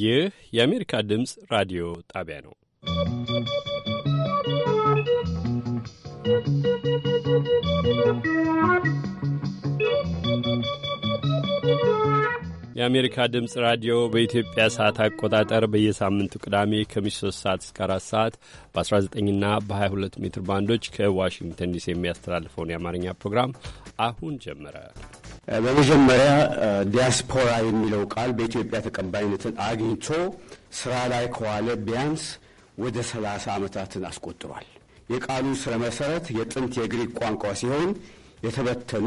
ይህ የአሜሪካ ድምፅ ራዲዮ ጣቢያ ነው። የአሜሪካ ድምፅ ራዲዮ በኢትዮጵያ ሰዓት አቆጣጠር በየሳምንቱ ቅዳሜ ከምሽቱ 3 ሰዓት እስከ 4 ሰዓት በ19ና በ22 ሜትር ባንዶች ከዋሽንግተን ዲሲ የሚያስተላልፈውን የአማርኛ ፕሮግራም አሁን ጀመረ። በመጀመሪያ ዲያስፖራ የሚለው ቃል በኢትዮጵያ ተቀባይነትን አግኝቶ ስራ ላይ ከዋለ ቢያንስ ወደ ሰላሳ ዓመታትን አስቆጥሯል። የቃሉ ስረ መሰረት የጥንት የግሪክ ቋንቋ ሲሆን የተበተኑ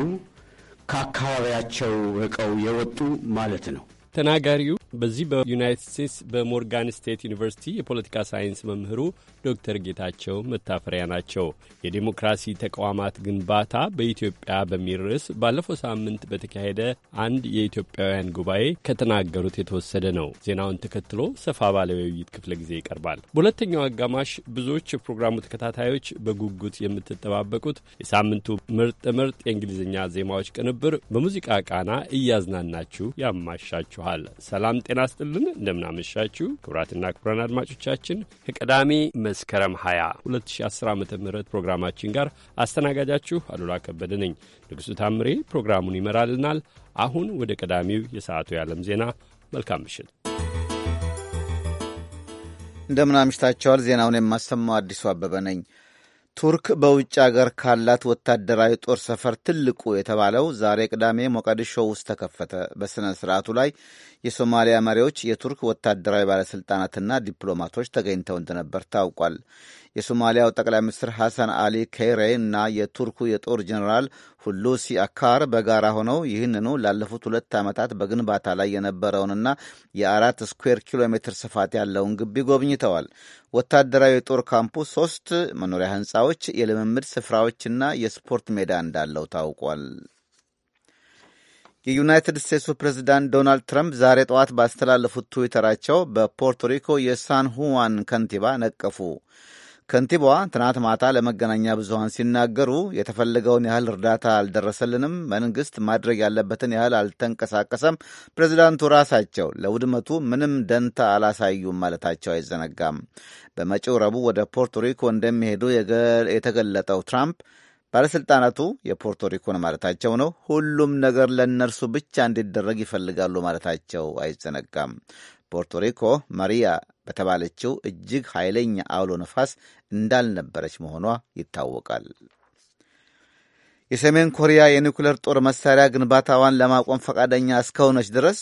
ከአካባቢያቸው ርቀው የወጡ ማለት ነው። ተናጋሪው በዚህ በዩናይትድ ስቴትስ በሞርጋን ስቴት ዩኒቨርሲቲ የፖለቲካ ሳይንስ መምህሩ ዶክተር ጌታቸው መታፈሪያ ናቸው። የዴሞክራሲ ተቋማት ግንባታ በኢትዮጵያ በሚል ርዕስ ባለፈው ሳምንት በተካሄደ አንድ የኢትዮጵያውያን ጉባኤ ከተናገሩት የተወሰደ ነው። ዜናውን ተከትሎ ሰፋ ባለ ውይይት ክፍለ ጊዜ ይቀርባል። በሁለተኛው አጋማሽ ብዙዎች የፕሮግራሙ ተከታታዮች በጉጉት የምትጠባበቁት የሳምንቱ ምርጥ ምርጥ የእንግሊዝኛ ዜማዎች ቅንብር በሙዚቃ ቃና እያዝናናችሁ ያማሻችኋል። ሰላም ጤና ስጥልን እንደምናመሻችሁ ክቡራትና ክቡራን አድማጮቻችን ከቀዳሜ መስከረም 20 2010 ዓ ም ፕሮግራማችን ጋር አስተናጋጃችሁ አሉላ ከበደ ነኝ። ንጉሡ ታምሬ ፕሮግራሙን ይመራልናል። አሁን ወደ ቀዳሚው የሰዓቱ የዓለም ዜና። መልካም ምሽት እንደምናምሽታቸዋል። ዜናውን የማሰማው አዲሱ አበበ ነኝ። ቱርክ በውጭ አገር ካላት ወታደራዊ ጦር ሰፈር ትልቁ የተባለው ዛሬ ቅዳሜ ሞቃዲሾ ውስጥ ተከፈተ። በሥነ ሥርዓቱ ላይ የሶማሊያ መሪዎች፣ የቱርክ ወታደራዊ ባለሥልጣናትና ዲፕሎማቶች ተገኝተው እንደነበር ታውቋል። የሶማሊያው ጠቅላይ ሚኒስትር ሐሰን አሊ ኬይሬ እና የቱርኩ የጦር ጀኔራል ሁሉሲ አካር በጋራ ሆነው ይህንኑ ላለፉት ሁለት ዓመታት በግንባታ ላይ የነበረውንና የአራት ስኩዌር ኪሎ ሜትር ስፋት ያለውን ግቢ ጎብኝተዋል። ወታደራዊ የጦር ካምፑ ሶስት መኖሪያ ሕንፃዎች፣ የልምምድ ስፍራዎችና የስፖርት ሜዳ እንዳለው ታውቋል። የዩናይትድ ስቴትሱ ፕሬዚዳንት ዶናልድ ትራምፕ ዛሬ ጠዋት ባስተላለፉት ትዊተራቸው በፖርቶሪኮ የሳን ሁዋን ከንቲባ ነቀፉ። ከንቲባዋ ትናንት ማታ ለመገናኛ ብዙሃን ሲናገሩ የተፈለገውን ያህል እርዳታ አልደረሰልንም፣ መንግስት ማድረግ ያለበትን ያህል አልተንቀሳቀሰም፣ ፕሬዚዳንቱ ራሳቸው ለውድመቱ ምንም ደንታ አላሳዩም ማለታቸው አይዘነጋም። በመጪው ረቡዕ ወደ ፖርቶሪኮ እንደሚሄዱ የተገለጠው ትራምፕ ባለሥልጣናቱ የፖርቶሪኮን ማለታቸው ነው። ሁሉም ነገር ለእነርሱ ብቻ እንዲደረግ ይፈልጋሉ ማለታቸው አይዘነጋም። ፖርቶሪኮ ማሪያ በተባለችው እጅግ ኃይለኛ አውሎ ነፋስ እንዳልነበረች መሆኗ ይታወቃል። የሰሜን ኮሪያ የኒውክለር ጦር መሳሪያ ግንባታዋን ለማቆም ፈቃደኛ እስከሆነች ድረስ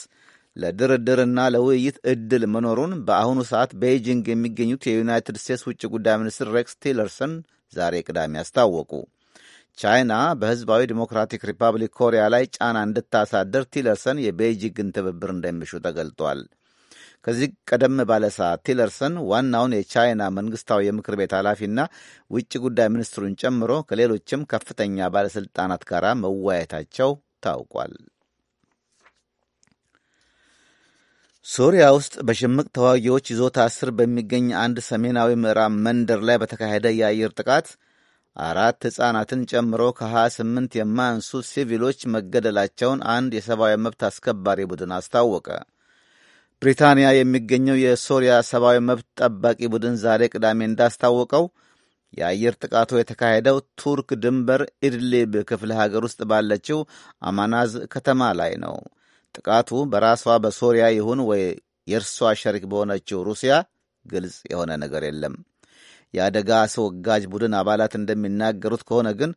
ለድርድርና ለውይይት እድል መኖሩን በአሁኑ ሰዓት ቤይጂንግ የሚገኙት የዩናይትድ ስቴትስ ውጭ ጉዳይ ሚኒስትር ሬክስ ቲለርሰን ዛሬ ቅዳሜ አስታወቁ። ቻይና በህዝባዊ ዲሞክራቲክ ሪፐብሊክ ኮሪያ ላይ ጫና እንድታሳድር ቲለርሰን የቤይጂንግን ትብብር እንደሚሹ ተገልጧል። ከዚህ ቀደም ባለ ሰዓት ቲለርሰን ዋናውን የቻይና መንግስታዊ የምክር ቤት ኃላፊና ውጭ ጉዳይ ሚኒስትሩን ጨምሮ ከሌሎችም ከፍተኛ ባለሥልጣናት ጋር መወያየታቸው ታውቋል። ሱሪያ ውስጥ በሽምቅ ተዋጊዎች ይዞታ ስር በሚገኝ አንድ ሰሜናዊ ምዕራብ መንደር ላይ በተካሄደ የአየር ጥቃት አራት ሕፃናትን ጨምሮ ከ28 የማያንሱ ሲቪሎች መገደላቸውን አንድ የሰብአዊ መብት አስከባሪ ቡድን አስታወቀ። ብሪታንያ የሚገኘው የሶሪያ ሰብአዊ መብት ጠባቂ ቡድን ዛሬ ቅዳሜ እንዳስታወቀው የአየር ጥቃቱ የተካሄደው ቱርክ ድንበር ኢድሊብ ክፍለ ሀገር ውስጥ ባለችው አማናዝ ከተማ ላይ ነው። ጥቃቱ በራሷ በሶሪያ ይሁን ወይ የእርሷ ሸሪክ በሆነችው ሩሲያ ግልጽ የሆነ ነገር የለም። የአደጋ አስወጋጅ ቡድን አባላት እንደሚናገሩት ከሆነ ግን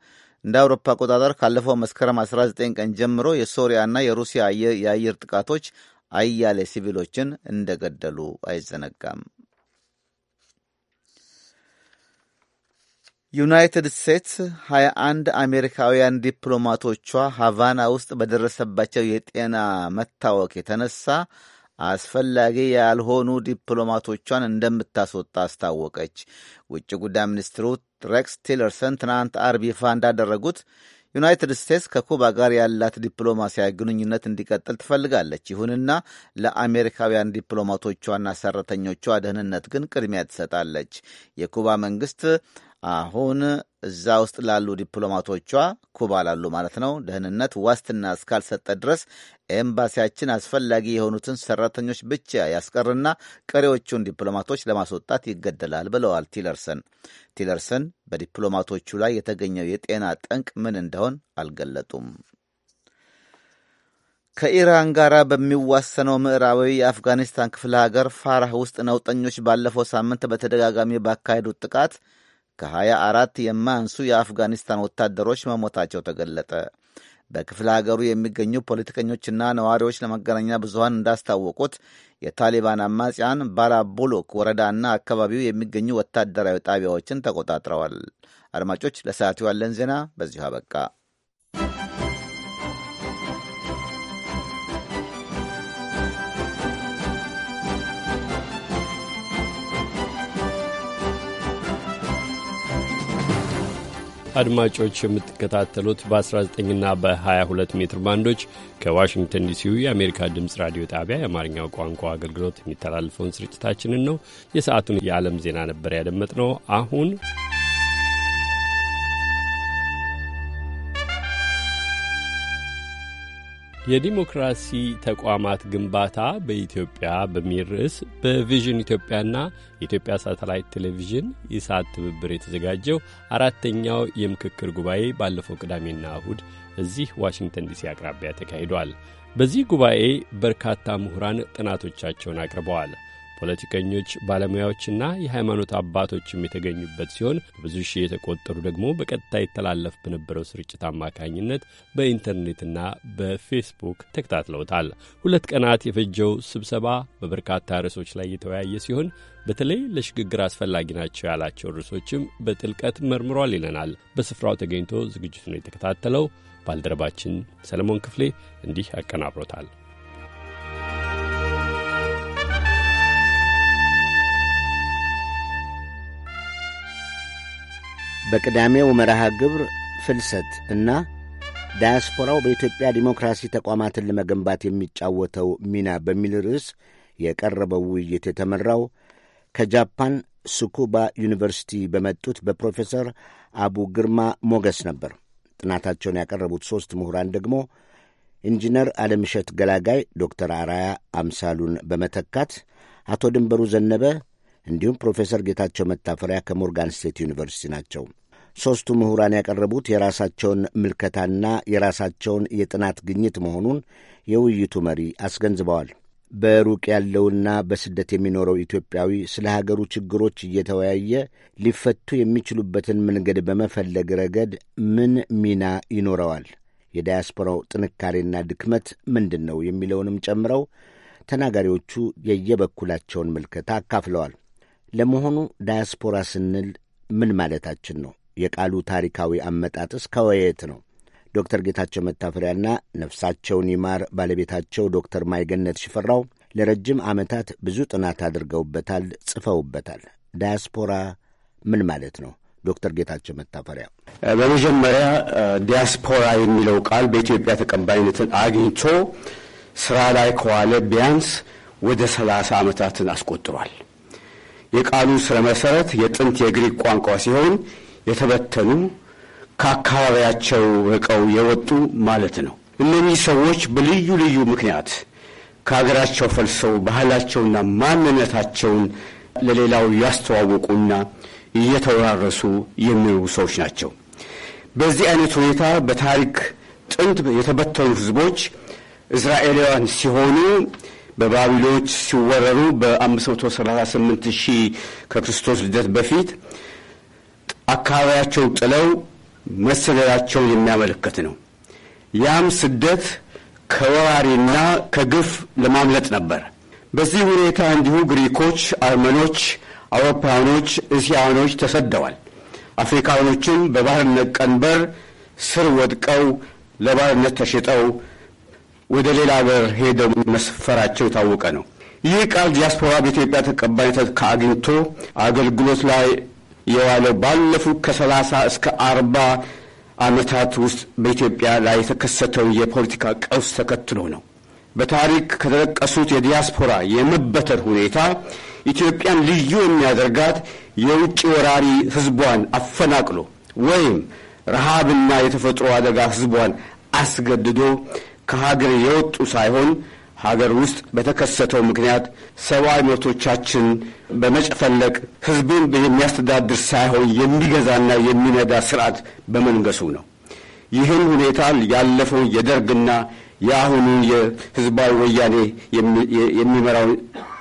እንደ አውሮፓ አቆጣጠር ካለፈው መስከረም 19 ቀን ጀምሮ የሶሪያና የሩሲያ የአየር ጥቃቶች አያሌ ሲቪሎችን እንደገደሉ አይዘነጋም። ዩናይትድ ስቴትስ 21 አሜሪካውያን ዲፕሎማቶቿ ሃቫና ውስጥ በደረሰባቸው የጤና መታወክ የተነሳ አስፈላጊ ያልሆኑ ዲፕሎማቶቿን እንደምታስወጣ አስታወቀች። ውጭ ጉዳይ ሚኒስትሩ ሬክስ ቲለርሰን ትናንት አርብ ይፋ እንዳደረጉት ዩናይትድ ስቴትስ ከኩባ ጋር ያላት ዲፕሎማሲያዊ ግንኙነት እንዲቀጥል ትፈልጋለች። ይሁንና ለአሜሪካውያን ዲፕሎማቶቿና ሰራተኞቿ ደህንነት ግን ቅድሚያ ትሰጣለች። የኩባ መንግስት አሁን እዛ ውስጥ ላሉ ዲፕሎማቶቿ ኩባ ላሉ ማለት ነው ደህንነት ዋስትና እስካልሰጠ ድረስ ኤምባሲያችን አስፈላጊ የሆኑትን ሰራተኞች ብቻ ያስቀርና ቀሪዎቹን ዲፕሎማቶች ለማስወጣት ይገደላል ብለዋል ቲለርሰን። ቲለርሰን በዲፕሎማቶቹ ላይ የተገኘው የጤና ጠንቅ ምን እንደሆን አልገለጡም። ከኢራን ጋር በሚዋሰነው ምዕራባዊ የአፍጋኒስታን ክፍለ ሀገር ፋራህ ውስጥ ነውጠኞች ባለፈው ሳምንት በተደጋጋሚ ባካሄዱት ጥቃት ከሀያ አራት የማያንሱ የአፍጋኒስታን ወታደሮች መሞታቸው ተገለጠ። በክፍለ አገሩ የሚገኙ ፖለቲከኞችና ነዋሪዎች ለመገናኛ ብዙሀን እንዳስታወቁት የታሊባን አማጽያን ባላቡሎክ ወረዳና አካባቢው የሚገኙ ወታደራዊ ጣቢያዎችን ተቆጣጥረዋል። አድማጮች፣ ለሰዓቱ ያለን ዜና በዚሁ አበቃ። አድማጮች የምትከታተሉት በ19ና በ22 ሜትር ባንዶች ከዋሽንግተን ዲሲው የአሜሪካ ድምፅ ራዲዮ ጣቢያ የአማርኛው ቋንቋ አገልግሎት የሚተላለፈውን ስርጭታችንን ነው። የሰዓቱን የዓለም ዜና ነበር ያደመጥነው። አሁን የዲሞክራሲ ተቋማት ግንባታ በኢትዮጵያ በሚል ርዕስ በቪዥን ኢትዮጵያና የኢትዮጵያ ሳተላይት ቴሌቪዥን ኢሳት ትብብር የተዘጋጀው አራተኛው የምክክር ጉባኤ ባለፈው ቅዳሜና እሁድ እዚህ ዋሽንግተን ዲሲ አቅራቢያ ተካሂዷል። በዚህ ጉባኤ በርካታ ምሁራን ጥናቶቻቸውን አቅርበዋል። ፖለቲከኞች፣ ባለሙያዎችና የሃይማኖት አባቶችም የተገኙበት ሲሆን ብዙ ሺህ የተቆጠሩ ደግሞ በቀጥታ ይተላለፍ በነበረው ስርጭት አማካኝነት በኢንተርኔትና በፌስቡክ ተከታትለውታል። ሁለት ቀናት የፈጀው ስብሰባ በበርካታ ርዕሶች ላይ የተወያየ ሲሆን በተለይ ለሽግግር አስፈላጊ ናቸው ያላቸው ርዕሶችም በጥልቀት መርምሯል ይለናል። በስፍራው ተገኝቶ ዝግጅቱን የተከታተለው ባልደረባችን ሰለሞን ክፍሌ እንዲህ ያቀናብሮታል። በቅዳሜው መርሃ ግብር ፍልሰት እና ዳያስፖራው በኢትዮጵያ ዲሞክራሲ ተቋማትን ለመገንባት የሚጫወተው ሚና በሚል ርዕስ የቀረበው ውይይት የተመራው ከጃፓን ስኩባ ዩኒቨርሲቲ በመጡት በፕሮፌሰር አቡ ግርማ ሞገስ ነበር። ጥናታቸውን ያቀረቡት ሦስት ምሁራን ደግሞ ኢንጂነር አለምሸት ገላጋይ ዶክተር አራያ አምሳሉን በመተካት አቶ ድንበሩ ዘነበ እንዲሁም ፕሮፌሰር ጌታቸው መታፈሪያ ከሞርጋን ስቴት ዩኒቨርሲቲ ናቸው። ሦስቱ ምሁራን ያቀረቡት የራሳቸውን ምልከታና የራሳቸውን የጥናት ግኝት መሆኑን የውይይቱ መሪ አስገንዝበዋል። በሩቅ ያለውና በስደት የሚኖረው ኢትዮጵያዊ ስለ ሀገሩ ችግሮች እየተወያየ ሊፈቱ የሚችሉበትን መንገድ በመፈለግ ረገድ ምን ሚና ይኖረዋል? የዳያስፖራው ጥንካሬና ድክመት ምንድን ነው? የሚለውንም ጨምረው ተናጋሪዎቹ የየበኩላቸውን ምልከታ አካፍለዋል። ለመሆኑ ዳያስፖራ ስንል ምን ማለታችን ነው? የቃሉ ታሪካዊ አመጣጥስ ከወየት ነው? ዶክተር ጌታቸው መታፈሪያና ነፍሳቸውን ይማር ባለቤታቸው ዶክተር ማይገነት ሽፈራው ለረጅም ዓመታት ብዙ ጥናት አድርገውበታል፣ ጽፈውበታል። ዳያስፖራ ምን ማለት ነው? ዶክተር ጌታቸው መታፈሪያ፣ በመጀመሪያ ዲያስፖራ የሚለው ቃል በኢትዮጵያ ተቀባይነትን አግኝቶ ስራ ላይ ከዋለ ቢያንስ ወደ ሰላሳ ዓመታትን አስቆጥሯል። የቃሉ ስረ መሰረት የጥንት የግሪክ ቋንቋ ሲሆን የተበተኑ ከአካባቢያቸው ርቀው የወጡ ማለት ነው። እነኚህ ሰዎች በልዩ ልዩ ምክንያት ከሀገራቸው ፈልሰው ባህላቸውና ማንነታቸውን ለሌላው ያስተዋወቁና እየተወራረሱ የሚኖሩ ሰዎች ናቸው። በዚህ አይነት ሁኔታ በታሪክ ጥንት የተበተኑ ህዝቦች እስራኤላውያን ሲሆኑ በባቢሎች ሲወረሩ በ538 ሺህ ከክርስቶስ ልደት በፊት አካባቢያቸው ጥለው መሰደዳቸውን የሚያመለክት ነው። ያም ስደት ከወራሪና ከግፍ ለማምለጥ ነበር። በዚህ ሁኔታ እንዲሁ ግሪኮች፣ አርመኖች፣ አውሮፓውያኖች፣ እስያኖች ተሰደዋል። አፍሪካኖችም በባርነት ቀንበር ስር ወድቀው ለባርነት ተሽጠው ወደ ሌላ ሀገር ሄደው መስፈራቸው የታወቀ ነው። ይህ ቃል ዲያስፖራ በኢትዮጵያ ተቀባይነት ከአግኝቶ አገልግሎት ላይ የዋለው ባለፉት ከሰላሳ እስከ አርባ ዓመታት ውስጥ በኢትዮጵያ ላይ የተከሰተው የፖለቲካ ቀውስ ተከትሎ ነው። በታሪክ ከተጠቀሱት የዲያስፖራ የመበተር ሁኔታ ኢትዮጵያን ልዩ የሚያደርጋት የውጭ ወራሪ ሕዝቧን አፈናቅሎ ወይም ረሃብና የተፈጥሮ አደጋ ሕዝቧን አስገድዶ ከሀገር የወጡ ሳይሆን ሀገር ውስጥ በተከሰተው ምክንያት ሰብአዊ መብቶቻችን በመጨፈለቅ ህዝብን የሚያስተዳድር ሳይሆን የሚገዛና የሚነዳ ስርዓት በመንገሱ ነው። ይህን ሁኔታ ያለፈውን የደርግና የአሁኑ የህዝባዊ ወያኔ የሚመራው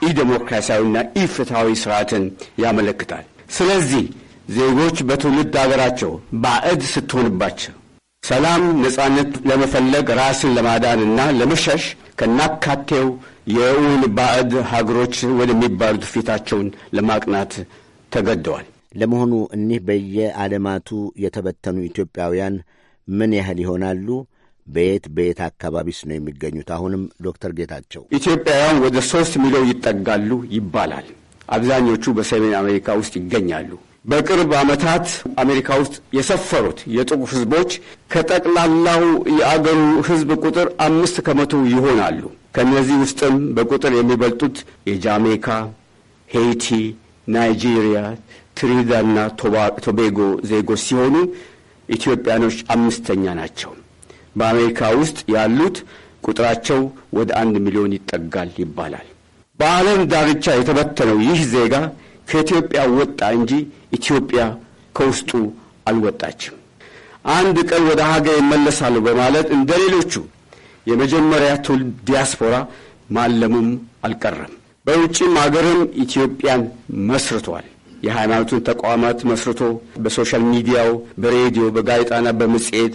ኢዴሞክራሲያዊና ኢፍትሐዊ ስርዓትን ያመለክታል። ስለዚህ ዜጎች በትውልድ አገራቸው ባዕድ ስትሆንባቸው ሰላም፣ ነጻነት ለመፈለግ ራስን ለማዳንና ለመሸሽ ከናካቴው የውል ባዕድ ሀገሮች ወደሚባሉት ፊታቸውን ለማቅናት ተገደዋል። ለመሆኑ እኒህ በየዓለማቱ የተበተኑ ኢትዮጵያውያን ምን ያህል ይሆናሉ? በየት በየት አካባቢስ ነው የሚገኙት? አሁንም ዶክተር ጌታቸው ኢትዮጵያውያን ወደ ሶስት ሚሊዮን ይጠጋሉ ይባላል። አብዛኞቹ በሰሜን አሜሪካ ውስጥ ይገኛሉ። በቅርብ ዓመታት አሜሪካ ውስጥ የሰፈሩት የጥቁር ህዝቦች ከጠቅላላው የአገሩ ህዝብ ቁጥር አምስት ከመቶ ይሆናሉ። ከእነዚህ ውስጥም በቁጥር የሚበልጡት የጃሜካ፣ ሄይቲ፣ ናይጄሪያ፣ ትሪዳና ቶቤጎ ዜጎች ሲሆኑ ኢትዮጵያኖች አምስተኛ ናቸው። በአሜሪካ ውስጥ ያሉት ቁጥራቸው ወደ አንድ ሚሊዮን ይጠጋል ይባላል። በዓለም ዳርቻ የተበተነው ይህ ዜጋ ከኢትዮጵያ ወጣ እንጂ ኢትዮጵያ ከውስጡ አልወጣችም። አንድ ቀን ወደ ሀገር ይመለሳሉ በማለት እንደ ሌሎቹ የመጀመሪያ ትውልድ ዲያስፖራ ማለሙም አልቀረም። በውጭም ሀገርም ኢትዮጵያን መስርቷል። የሃይማኖቱን ተቋማት መስርቶ በሶሻል ሚዲያው፣ በሬዲዮ፣ በጋዜጣና በመጽሔት፣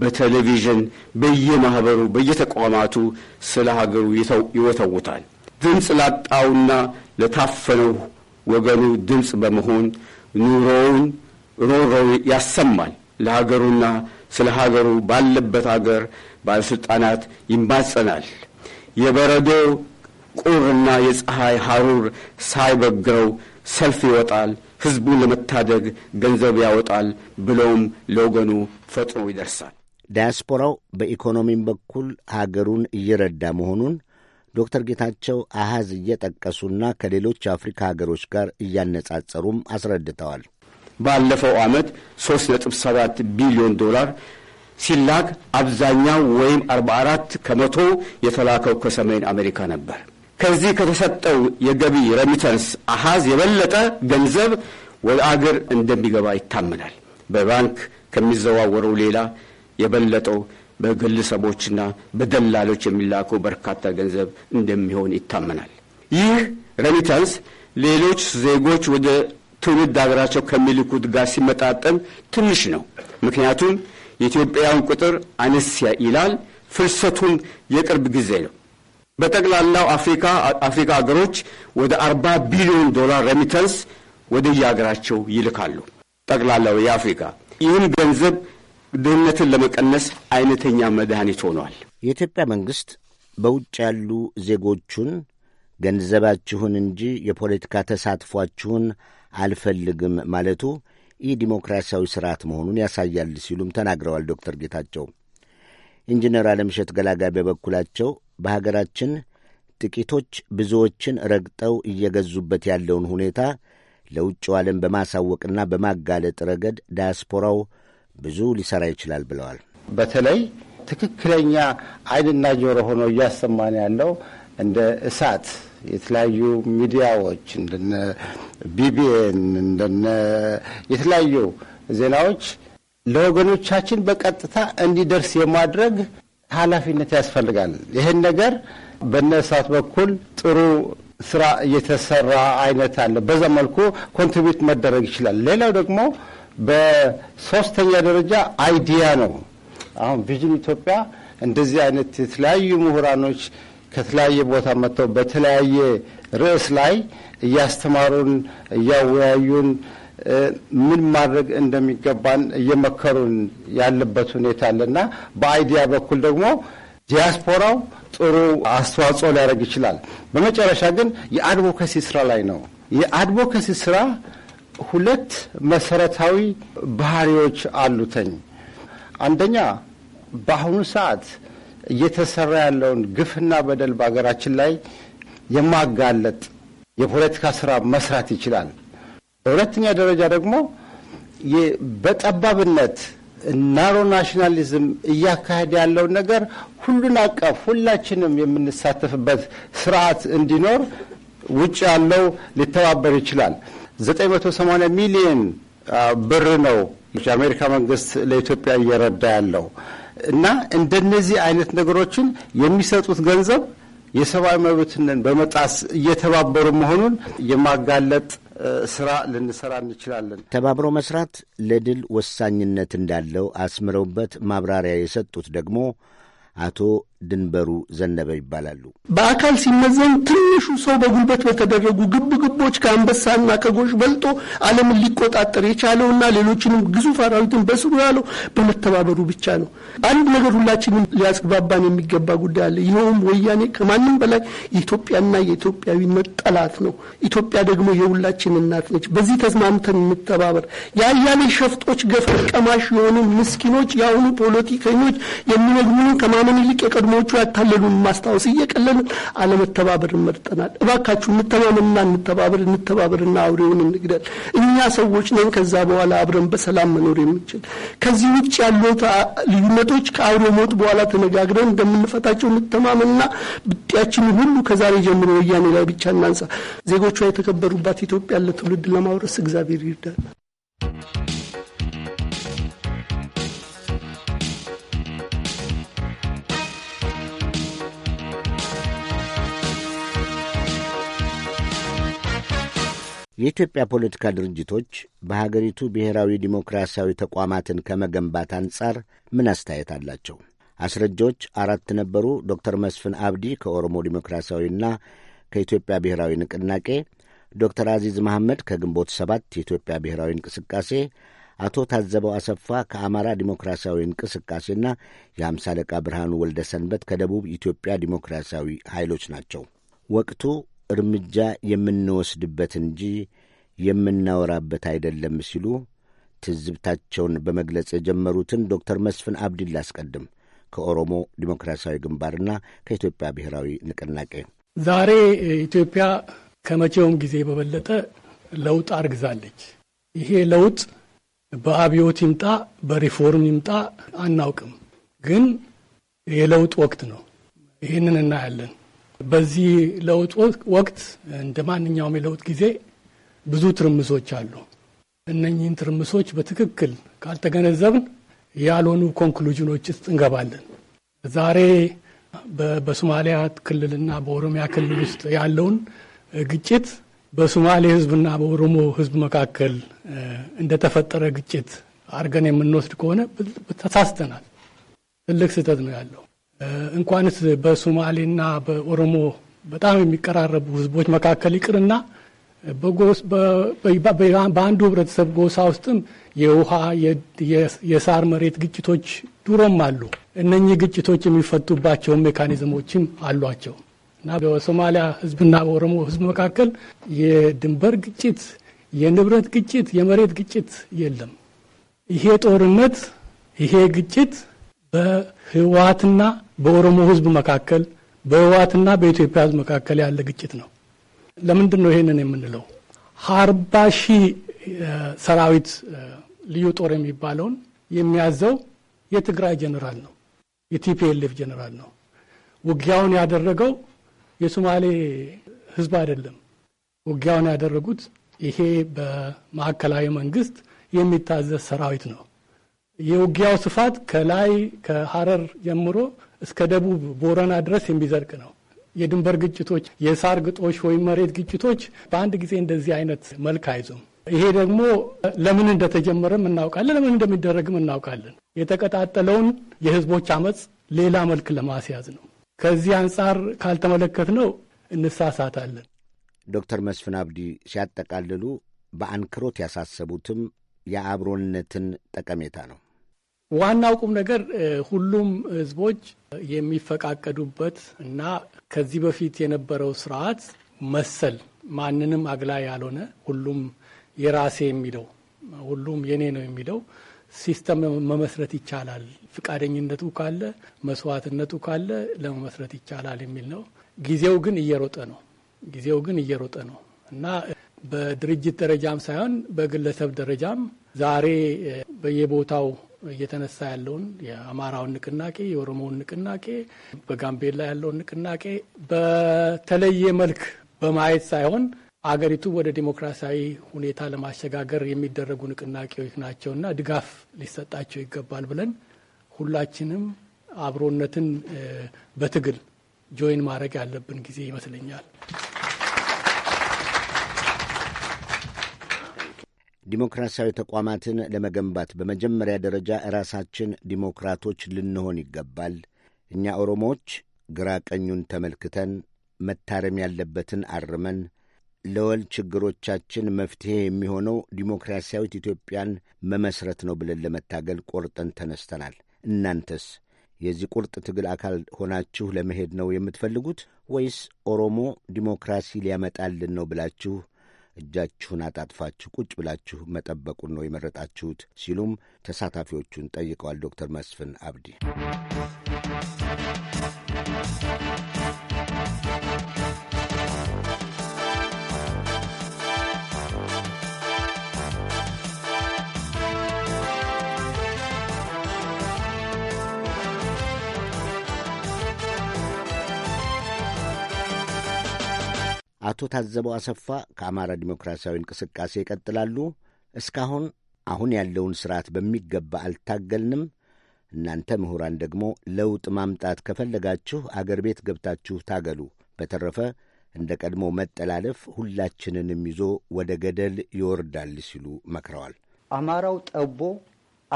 በቴሌቪዥን፣ በየማኅበሩ፣ በየተቋማቱ ስለ ሀገሩ ይወተውታል። ድምፅ ላጣውና ለታፈነው ወገኑ ድምፅ በመሆን ኑሮውን ሮሮው ያሰማል። ለሀገሩና ስለ ሀገሩ ባለበት አገር ባለሥልጣናት ይማጸናል። የበረዶ ቁርና የፀሐይ ሐሩር ሳይበግረው ሰልፍ ይወጣል። ሕዝቡን ለመታደግ ገንዘብ ያወጣል። ብለውም ለወገኑ ፈጥኖ ይደርሳል። ዲያስፖራው በኢኮኖሚም በኩል ሀገሩን እየረዳ መሆኑን ዶክተር ጌታቸው አሃዝ እየጠቀሱና ከሌሎች የአፍሪካ ሀገሮች ጋር እያነጻጸሩም አስረድተዋል። ባለፈው ዓመት 3.7 ቢሊዮን ዶላር ሲላክ አብዛኛው ወይም 44 ከመቶ የተላከው ከሰሜን አሜሪካ ነበር። ከዚህ ከተሰጠው የገቢ ረሚተንስ አሃዝ የበለጠ ገንዘብ ወደ አገር እንደሚገባ ይታመናል። በባንክ ከሚዘዋወረው ሌላ የበለጠው በግለሰቦችና በደላሎች የሚላከው በርካታ ገንዘብ እንደሚሆን ይታመናል። ይህ ሬሚታንስ ሌሎች ዜጎች ወደ ትውልድ ሀገራቸው ከሚልኩት ጋር ሲመጣጠን ትንሽ ነው። ምክንያቱም የኢትዮጵያውን ቁጥር አነስ ይላል። ፍልሰቱም የቅርብ ጊዜ ነው። በጠቅላላው አፍሪካ አፍሪካ ሀገሮች ወደ አርባ ቢሊዮን ዶላር ሬሚተንስ ወደየሀገራቸው ይልካሉ። ጠቅላላው የአፍሪካ ይህም ገንዘብ ድህነትን ለመቀነስ አይነተኛ መድኃኒት ሆኗል። የኢትዮጵያ መንግሥት በውጭ ያሉ ዜጎቹን ገንዘባችሁን እንጂ የፖለቲካ ተሳትፏችሁን አልፈልግም ማለቱ ይህ ዲሞክራሲያዊ ስርዓት መሆኑን ያሳያል ሲሉም ተናግረዋል ዶክተር ጌታቸው። ኢንጂነር አለምሸት ገላጋ በበኩላቸው በሀገራችን ጥቂቶች ብዙዎችን ረግጠው እየገዙበት ያለውን ሁኔታ ለውጭው ዓለም በማሳወቅና በማጋለጥ ረገድ ዳያስፖራው ብዙ ሊሰራ ይችላል ብለዋል። በተለይ ትክክለኛ አይንና ጆሮ ሆኖ እያሰማን ያለው እንደ እሳት የተለያዩ ሚዲያዎች እንደነ ቢቢኤን እንደነ የተለያዩ ዜናዎች ለወገኖቻችን በቀጥታ እንዲደርስ የማድረግ ኃላፊነት ያስፈልጋል። ይህን ነገር በነ እሳት በኩል ጥሩ ስራ እየተሰራ አይነት አለ። በዛ መልኩ ኮንትሪቢዩት መደረግ ይችላል። ሌላው ደግሞ በሶስተኛ ደረጃ አይዲያ ነው። አሁን ቪዥን ኢትዮጵያ እንደዚህ አይነት የተለያዩ ምሁራኖች ከተለያየ ቦታ መጥተው በተለያየ ርዕስ ላይ እያስተማሩን፣ እያወያዩን ምን ማድረግ እንደሚገባን እየመከሩን ያለበት ሁኔታ አለና በአይዲያ በኩል ደግሞ ዲያስፖራው ጥሩ አስተዋጽኦ ሊያደርግ ይችላል። በመጨረሻ ግን የአድቮኬሲ ስራ ላይ ነው። የአድቮካሲ ስራ ሁለት መሰረታዊ ባህሪዎች አሉተኝ። አንደኛ በአሁኑ ሰዓት እየተሰራ ያለውን ግፍና በደል በሀገራችን ላይ የማጋለጥ የፖለቲካ ስራ መስራት ይችላል። በሁለተኛ ደረጃ ደግሞ በጠባብነት ናሮ ናሽናሊዝም እያካሄደ ያለውን ነገር ሁሉን አቀፍ ሁላችንም የምንሳተፍበት ስርዓት እንዲኖር ውጭ ያለው ሊተባበር ይችላል። 980 ሚሊዮን ብር ነው የአሜሪካ መንግስት ለኢትዮጵያ እየረዳ ያለው እና እንደነዚህ አይነት ነገሮችን የሚሰጡት ገንዘብ የሰብአዊ መብትን በመጣስ እየተባበሩ መሆኑን የማጋለጥ ስራ ልንሰራ እንችላለን። ተባብሮ መስራት ለድል ወሳኝነት እንዳለው አስምረውበት ማብራሪያ የሰጡት ደግሞ አቶ ድንበሩ ዘነበ ይባላሉ። በአካል ሲመዘን ትንሹ ሰው በጉልበት በተደረጉ ግብ ግቦች ከአንበሳና ከጎሽ በልጦ ዓለምን ሊቆጣጠር የቻለውና ሌሎችንም ግዙፍ አራዊትን በስሩ ያለው በመተባበሩ ብቻ ነው። አንድ ነገር ሁላችንም ሊያስግባባን የሚገባ ጉዳይ አለ። ይኸውም ወያኔ ከማንም በላይ የኢትዮጵያና የኢትዮጵያዊነት ጠላት ነው። ኢትዮጵያ ደግሞ የሁላችን እናት ነች። በዚህ ተስማምተን እንተባበር። የአያሌ ሸፍጦች፣ ገፈት ቀማሽ የሆኑ ምስኪኖች፣ የአሁኑ ፖለቲከኞች የሚነግሩን ከማመን ይልቅ የቀድሞ ሌሎቹ ያታለሉን ማስታወስ እየቀለልን አለመተባበር መርጠናል። እባካችሁ እንተማመንና እንተባበር፣ እንተባበርና አውሬውን እንግደል። እኛ ሰዎች ነን። ከዛ በኋላ አብረን በሰላም መኖር የምንችል ከዚህ ውጭ ያሉት ልዩነቶች ከአውሬው ሞት በኋላ ተነጋግረን እንደምንፈታቸው እንተማመንና ብጤያችን ሁሉ ከዛሬ ጀምሮ ወያኔ ላይ ብቻ እናንሳ። ዜጎቿ የተከበሩባት ኢትዮጵያ ለትውልድ ለማውረስ እግዚአብሔር ይርዳል። የኢትዮጵያ ፖለቲካ ድርጅቶች በሀገሪቱ ብሔራዊ ዲሞክራሲያዊ ተቋማትን ከመገንባት አንጻር ምን አስተያየት አላቸው? አስረጆች አራት ነበሩ። ዶክተር መስፍን አብዲ ከኦሮሞ ዲሞክራሲያዊና ከኢትዮጵያ ብሔራዊ ንቅናቄ፣ ዶክተር አዚዝ መሐመድ ከግንቦት ሰባት የኢትዮጵያ ብሔራዊ እንቅስቃሴ፣ አቶ ታዘበው አሰፋ ከአማራ ዲሞክራሲያዊ እንቅስቃሴና የአምሳ አለቃ ብርሃኑ ወልደ ሰንበት ከደቡብ ኢትዮጵያ ዲሞክራሲያዊ ኃይሎች ናቸው። ወቅቱ እርምጃ የምንወስድበት እንጂ የምናወራበት አይደለም ሲሉ ትዝብታቸውን በመግለጽ የጀመሩትን ዶክተር መስፍን አብዲን አስቀድም ከኦሮሞ ዲሞክራሲያዊ ግንባርና ከኢትዮጵያ ብሔራዊ ንቅናቄ ዛሬ ኢትዮጵያ ከመቼውም ጊዜ በበለጠ ለውጥ አርግዛለች። ይሄ ለውጥ በአብዮት ይምጣ በሪፎርም ይምጣ አናውቅም፣ ግን የለውጥ ወቅት ነው። ይህንን እናያለን። በዚህ ለውጥ ወቅት እንደ ማንኛውም የለውጥ ጊዜ ብዙ ትርምሶች አሉ። እነኚህን ትርምሶች በትክክል ካልተገነዘብን ያልሆኑ ኮንክሉዥኖች ውስጥ እንገባለን። ዛሬ በሶማሊያ ክልልና በኦሮሚያ ክልል ውስጥ ያለውን ግጭት በሶማሌ ሕዝብና በኦሮሞ ሕዝብ መካከል እንደተፈጠረ ግጭት አድርገን የምንወስድ ከሆነ ተሳስተናል። ትልቅ ስህተት ነው ያለው። እንኳንስ በሶማሌና በኦሮሞ በጣም የሚቀራረቡ ህዝቦች መካከል ይቅርና በአንዱ ህብረተሰብ ጎሳ ውስጥም የውሃ የሳር መሬት ግጭቶች ድሮም አሉ። እነኚህ ግጭቶች የሚፈቱባቸው ሜካኒዝሞችም አሏቸው እና በሶማሊያ ህዝብና በኦሮሞ ህዝብ መካከል የድንበር ግጭት፣ የንብረት ግጭት፣ የመሬት ግጭት የለም። ይሄ ጦርነት ይሄ ግጭት በህወሓትና በኦሮሞ ህዝብ መካከል በህወሓትና በኢትዮጵያ ህዝብ መካከል ያለ ግጭት ነው። ለምንድን ነው ይሄንን የምንለው? አርባ ሺህ ሰራዊት ልዩ ጦር የሚባለውን የሚያዘው የትግራይ ጀኔራል ነው፣ የቲፒኤልኤፍ ጀኔራል ነው። ውጊያውን ያደረገው የሶማሌ ህዝብ አይደለም። ውጊያውን ያደረጉት ይሄ በማዕከላዊ መንግስት የሚታዘዝ ሰራዊት ነው። የውጊያው ስፋት ከላይ ከሀረር ጀምሮ እስከ ደቡብ ቦረና ድረስ የሚዘልቅ ነው። የድንበር ግጭቶች፣ የሳር ግጦሽ ወይም መሬት ግጭቶች በአንድ ጊዜ እንደዚህ አይነት መልክ አይዞም ይሄ ደግሞ ለምን እንደተጀመረም እናውቃለን፣ ለምን እንደሚደረግም እናውቃለን። የተቀጣጠለውን የህዝቦች አመፅ ሌላ መልክ ለማስያዝ ነው። ከዚህ አንጻር ካልተመለከት ነው እንሳሳታለን። ዶክተር መስፍን አብዲ ሲያጠቃልሉ በአንክሮት ያሳሰቡትም የአብሮነትን ጠቀሜታ ነው። ዋናው ቁም ነገር ሁሉም ህዝቦች የሚፈቃቀዱበት እና ከዚህ በፊት የነበረው ስርዓት መሰል ማንንም አግላ ያልሆነ ሁሉም የራሴ የሚለው ሁሉም የኔ ነው የሚለው ሲስተም መመስረት ይቻላል፣ ፍቃደኝነቱ ካለ መስዋዕትነቱ ካለ ለመመስረት ይቻላል የሚል ነው። ጊዜው ግን እየሮጠ ነው። ጊዜው ግን እየሮጠ ነው እና በድርጅት ደረጃም ሳይሆን በግለሰብ ደረጃም ዛሬ በየቦታው እየተነሳ ያለውን የአማራውን ንቅናቄ፣ የኦሮሞውን ንቅናቄ፣ በጋምቤላ ያለውን ንቅናቄ በተለየ መልክ በማየት ሳይሆን አገሪቱ ወደ ዲሞክራሲያዊ ሁኔታ ለማሸጋገር የሚደረጉ ንቅናቄዎች ናቸውና ድጋፍ ሊሰጣቸው ይገባል ብለን ሁላችንም አብሮነትን በትግል ጆይን ማድረግ ያለብን ጊዜ ይመስለኛል። ዲሞክራሲያዊ ተቋማትን ለመገንባት በመጀመሪያ ደረጃ ራሳችን ዲሞክራቶች ልንሆን ይገባል። እኛ ኦሮሞዎች ግራ ቀኙን ተመልክተን መታረም ያለበትን አርመን ለወል ችግሮቻችን መፍትሔ የሚሆነው ዲሞክራሲያዊት ኢትዮጵያን መመስረት ነው ብለን ለመታገል ቆርጠን ተነስተናል። እናንተስ የዚህ ቁርጥ ትግል አካል ሆናችሁ ለመሄድ ነው የምትፈልጉት ወይስ ኦሮሞ ዲሞክራሲ ሊያመጣልን ነው ብላችሁ እጃችሁን አጣጥፋችሁ ቁጭ ብላችሁ መጠበቁን ነው የመረጣችሁት ሲሉም ተሳታፊዎቹን ጠይቀዋል። ዶክተር መስፍን አብዲ አቶ ታዘበው አሰፋ ከአማራ ዲሞክራሲያዊ እንቅስቃሴ ይቀጥላሉ። እስካሁን አሁን ያለውን ስርዓት በሚገባ አልታገልንም። እናንተ ምሁራን ደግሞ ለውጥ ማምጣት ከፈለጋችሁ አገር ቤት ገብታችሁ ታገሉ። በተረፈ እንደ ቀድሞ መጠላለፍ ሁላችንንም ይዞ ወደ ገደል ይወርዳል ሲሉ መክረዋል። አማራው ጠቦ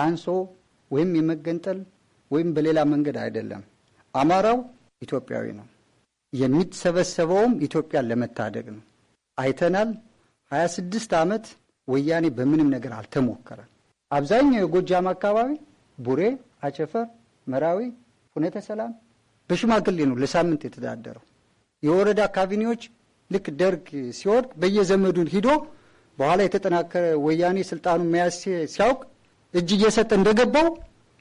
አንሶ ወይም የመገንጠል ወይም በሌላ መንገድ አይደለም። አማራው ኢትዮጵያዊ ነው። የሚሰበሰበውም ኢትዮጵያን ለመታደግ ነው። አይተናል። 26 ዓመት ወያኔ በምንም ነገር አልተሞከረ። አብዛኛው የጎጃም አካባቢ ቡሬ፣ አቸፈር፣ መራዊ፣ ሁነተ ሰላም በሽማግሌ ነው ለሳምንት የተዳደረው። የወረዳ ካቢኔዎች ልክ ደርግ ሲወድቅ በየዘመዱን ሂዶ በኋላ የተጠናከረ ወያኔ ስልጣኑ መያዝ ሲያውቅ እጅ እየሰጠ እንደገባው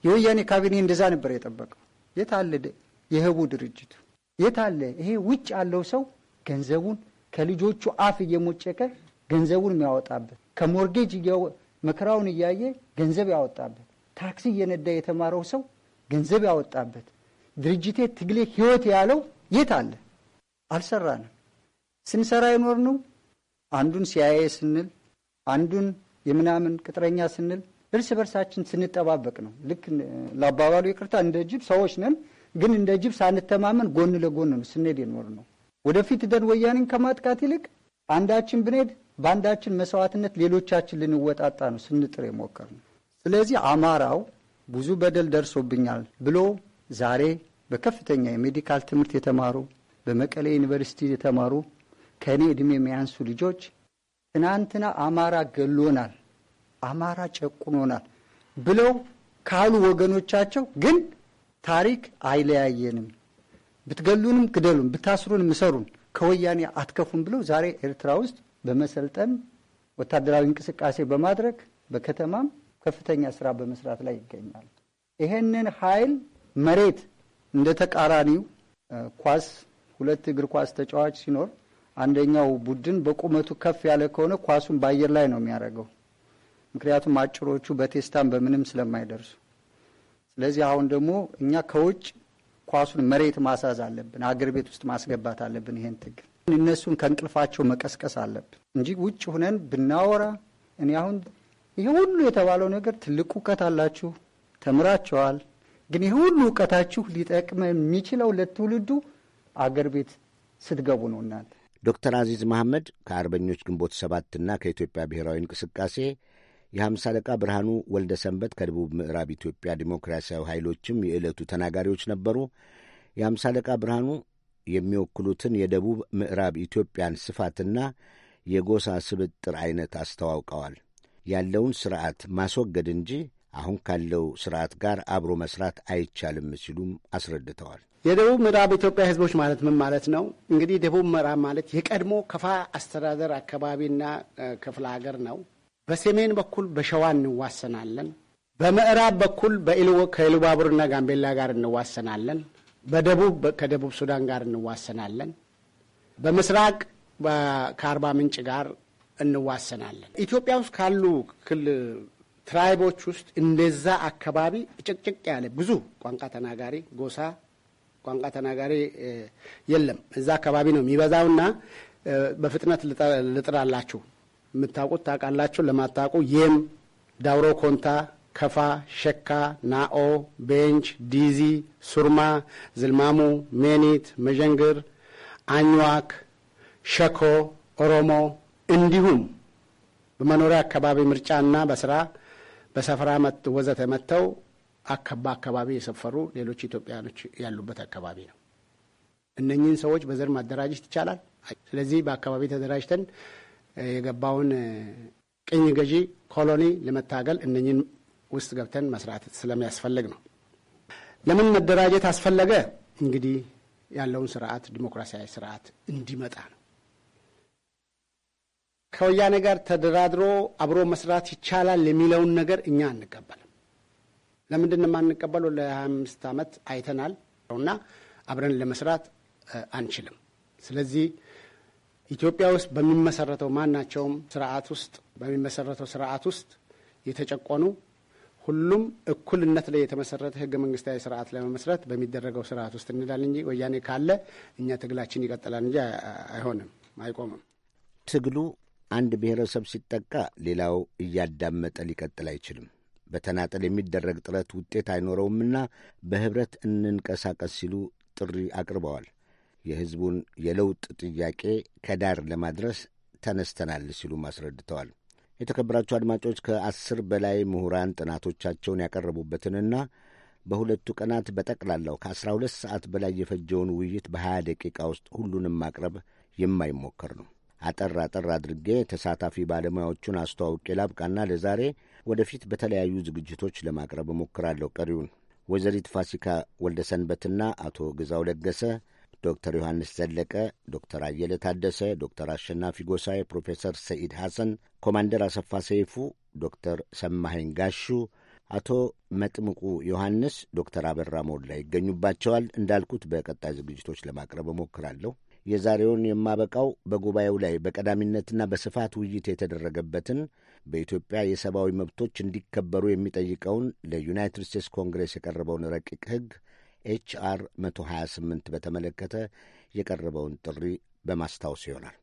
የወያኔ ካቢኔ እንደዛ ነበር የጠበቀው። የት አለ የህቡ ድርጅቱ? የት አለ ይሄ ውጭ ያለው ሰው ገንዘቡን ከልጆቹ አፍ እየሞጨቀ ገንዘቡን የሚያወጣበት ከሞርጌጅ መከራውን እያየ ገንዘብ ያወጣበት ታክሲ እየነዳ የተማረው ሰው ገንዘብ ያወጣበት ድርጅቴ ትግሌ ህይወት ያለው የት አለ? አልሰራንም። ስንሰራ የኖርነው አንዱን ሲያየ ስንል አንዱን የምናምን ቅጥረኛ ስንል እርስ በርሳችን ስንጠባበቅ ነው። ልክ ለአባባሉ ይቅርታ እንደ ጅብ ሰዎች ነን። ግን እንደ ጅብ ሳንተማመን ጎን ለጎን ነው ስንሄድ የኖር ነው። ወደፊት ደን ወያኔን ከማጥቃት ይልቅ አንዳችን ብንሄድ በአንዳችን መስዋዕትነት ሌሎቻችን ልንወጣጣ ነው ስንጥር የሞከር ነው። ስለዚህ አማራው ብዙ በደል ደርሶብኛል ብሎ ዛሬ በከፍተኛ የሜዲካል ትምህርት የተማሩ በመቀሌ ዩኒቨርሲቲ የተማሩ ከእኔ ዕድሜ የሚያንሱ ልጆች ትናንትና አማራ ገሎናል፣ አማራ ጨቁኖናል ብለው ካሉ ወገኖቻቸው ግን ታሪክ አይለያየንም። ብትገሉንም ግደሉን፣ ብታስሩንም እሰሩን፣ ከወያኔ አትከፉን ብለው ዛሬ ኤርትራ ውስጥ በመሰልጠን ወታደራዊ እንቅስቃሴ በማድረግ በከተማም ከፍተኛ ስራ በመስራት ላይ ይገኛል። ይሄንን ኃይል መሬት እንደ ተቃራኒው ኳስ ሁለት እግር ኳስ ተጫዋች ሲኖር አንደኛው ቡድን በቁመቱ ከፍ ያለ ከሆነ ኳሱን በአየር ላይ ነው የሚያደርገው። ምክንያቱም አጭሮቹ በቴስታን በምንም ስለማይደርሱ ስለዚህ አሁን ደግሞ እኛ ከውጭ ኳሱን መሬት ማሳዝ አለብን፣ አገር ቤት ውስጥ ማስገባት አለብን። ይሄን ትግል እነሱን ከእንቅልፋቸው መቀስቀስ አለብን እንጂ ውጭ ሁነን ብናወራ እኔ አሁን ይህ ሁሉ የተባለው ነገር ትልቅ እውቀት አላችሁ፣ ተምራቸዋል። ግን ይህ ሁሉ እውቀታችሁ ሊጠቅም የሚችለው ለትውልዱ አገር ቤት ስትገቡ ነው። እናንተ ዶክተር አዚዝ መሐመድ ከአርበኞች ግንቦት ሰባትና ከኢትዮጵያ ብሔራዊ እንቅስቃሴ የሐምሳ አለቃ ብርሃኑ ወልደ ሰንበት ከደቡብ ምዕራብ ኢትዮጵያ ዲሞክራሲያዊ ኃይሎችም የዕለቱ ተናጋሪዎች ነበሩ። የሐምሳ አለቃ ብርሃኑ የሚወክሉትን የደቡብ ምዕራብ ኢትዮጵያን ስፋትና የጎሳ ስብጥር አይነት አስተዋውቀዋል። ያለውን ስርዓት ማስወገድ እንጂ አሁን ካለው ስርዓት ጋር አብሮ መስራት አይቻልም ሲሉም አስረድተዋል። የደቡብ ምዕራብ ኢትዮጵያ ህዝቦች ማለት ምን ማለት ነው? እንግዲህ ደቡብ ምዕራብ ማለት የቀድሞ ከፋ አስተዳደር አካባቢና ክፍለ ሀገር ነው። በሰሜን በኩል በሸዋ እንዋሰናለን። በምዕራብ በኩል ከኢሉባቡርና ጋምቤላ ጋር እንዋሰናለን። በደቡብ ከደቡብ ሱዳን ጋር እንዋሰናለን። በምስራቅ ከአርባ ምንጭ ጋር እንዋሰናለን። ኢትዮጵያ ውስጥ ካሉ ክል ትራይቦች ውስጥ እንደዛ አካባቢ ጭቅጭቅ ያለ ብዙ ቋንቋ ተናጋሪ ጎሳ ቋንቋ ተናጋሪ የለም። እዛ አካባቢ ነው የሚበዛውና በፍጥነት ልጥራላችሁ። የምታውቁት ታውቃላችሁ፣ ለማታውቁ የም፣ ዳውሮ ኮንታ፣ ከፋ፣ ሸካ፣ ናኦ፣ ቤንች፣ ዲዚ፣ ሱርማ፣ ዝልማሙ፣ ሜኒት፣ መዠንግር፣ አኝዋክ፣ ሸኮ፣ ኦሮሞ እንዲሁም በመኖሪያ አካባቢ ምርጫና በስራ በሰፈራ ወዘተ መጥተው አካባቢ የሰፈሩ ሌሎች ኢትዮጵያኖች ያሉበት አካባቢ ነው። እነኚህን ሰዎች በዘር ማደራጀት ይቻላል። ስለዚህ በአካባቢ ተደራጅተን የገባውን ቅኝ ገዢ ኮሎኒ ለመታገል እነኝን ውስጥ ገብተን መስራት ስለሚያስፈልግ ነው። ለምን መደራጀት አስፈለገ? እንግዲህ ያለውን ስርዓት ዲሞክራሲያዊ ስርዓት እንዲመጣ ነው። ከወያኔ ጋር ተደራድሮ አብሮ መስራት ይቻላል የሚለውን ነገር እኛ አንቀበልም። ለምንድን ነው የማንቀበለው? ለሀያ አምስት ዓመት አይተናል እና አብረን ለመስራት አንችልም። ስለዚህ ኢትዮጵያ ውስጥ በሚመሰረተው ማናቸውም ስርዓት ውስጥ በሚመሰረተው ስርዓት ውስጥ የተጨቆኑ ሁሉም እኩልነት ላይ የተመሰረተ ህገ መንግስታዊ ስርዓት ለመመስረት በሚደረገው ስርዓት ውስጥ እንላል እንጂ ወያኔ ካለ እኛ ትግላችን ይቀጥላል እንጂ አይሆንም፣ አይቆምም። ትግሉ አንድ ብሔረሰብ ሲጠቃ ሌላው እያዳመጠ ሊቀጥል አይችልም። በተናጠል የሚደረግ ጥረት ውጤት አይኖረውምና በህብረት እንንቀሳቀስ ሲሉ ጥሪ አቅርበዋል። የሕዝቡን የለውጥ ጥያቄ ከዳር ለማድረስ ተነስተናል ሲሉም አስረድተዋል። የተከበራቸው አድማጮች ከአስር በላይ ምሁራን ጥናቶቻቸውን ያቀረቡበትንና በሁለቱ ቀናት በጠቅላላው ከአስራ ሁለት ሰዓት በላይ የፈጀውን ውይይት በሀያ ደቂቃ ውስጥ ሁሉንም ማቅረብ የማይሞከር ነው። አጠር አጠር አድርጌ ተሳታፊ ባለሙያዎቹን አስተዋውቄ ላብቃና ለዛሬ ወደፊት በተለያዩ ዝግጅቶች ለማቅረብ እሞክራለሁ። ቀሪውን ወይዘሪት ፋሲካ ወልደሰንበትና አቶ ግዛው ለገሰ ዶክተር ዮሐንስ ዘለቀ፣ ዶክተር አየለ ታደሰ፣ ዶክተር አሸናፊ ጎሳይ ፕሮፌሰር ሰኢድ ሐሰን፣ ኮማንደር አሰፋ ሰይፉ፣ ዶክተር ሰማሐኝ ጋሹ፣ አቶ መጥምቁ ዮሐንስ፣ ዶክተር አበራ ሞላ ይገኙባቸዋል። እንዳልኩት በቀጣይ ዝግጅቶች ለማቅረብ እሞክራለሁ። የዛሬውን የማበቃው በጉባኤው ላይ በቀዳሚነትና በስፋት ውይይት የተደረገበትን በኢትዮጵያ የሰብአዊ መብቶች እንዲከበሩ የሚጠይቀውን ለዩናይትድ ስቴትስ ኮንግሬስ የቀረበውን ረቂቅ ሕግ ኤችአር 128 በተመለከተ የቀረበውን ጥሪ በማስታወስ ይሆናል።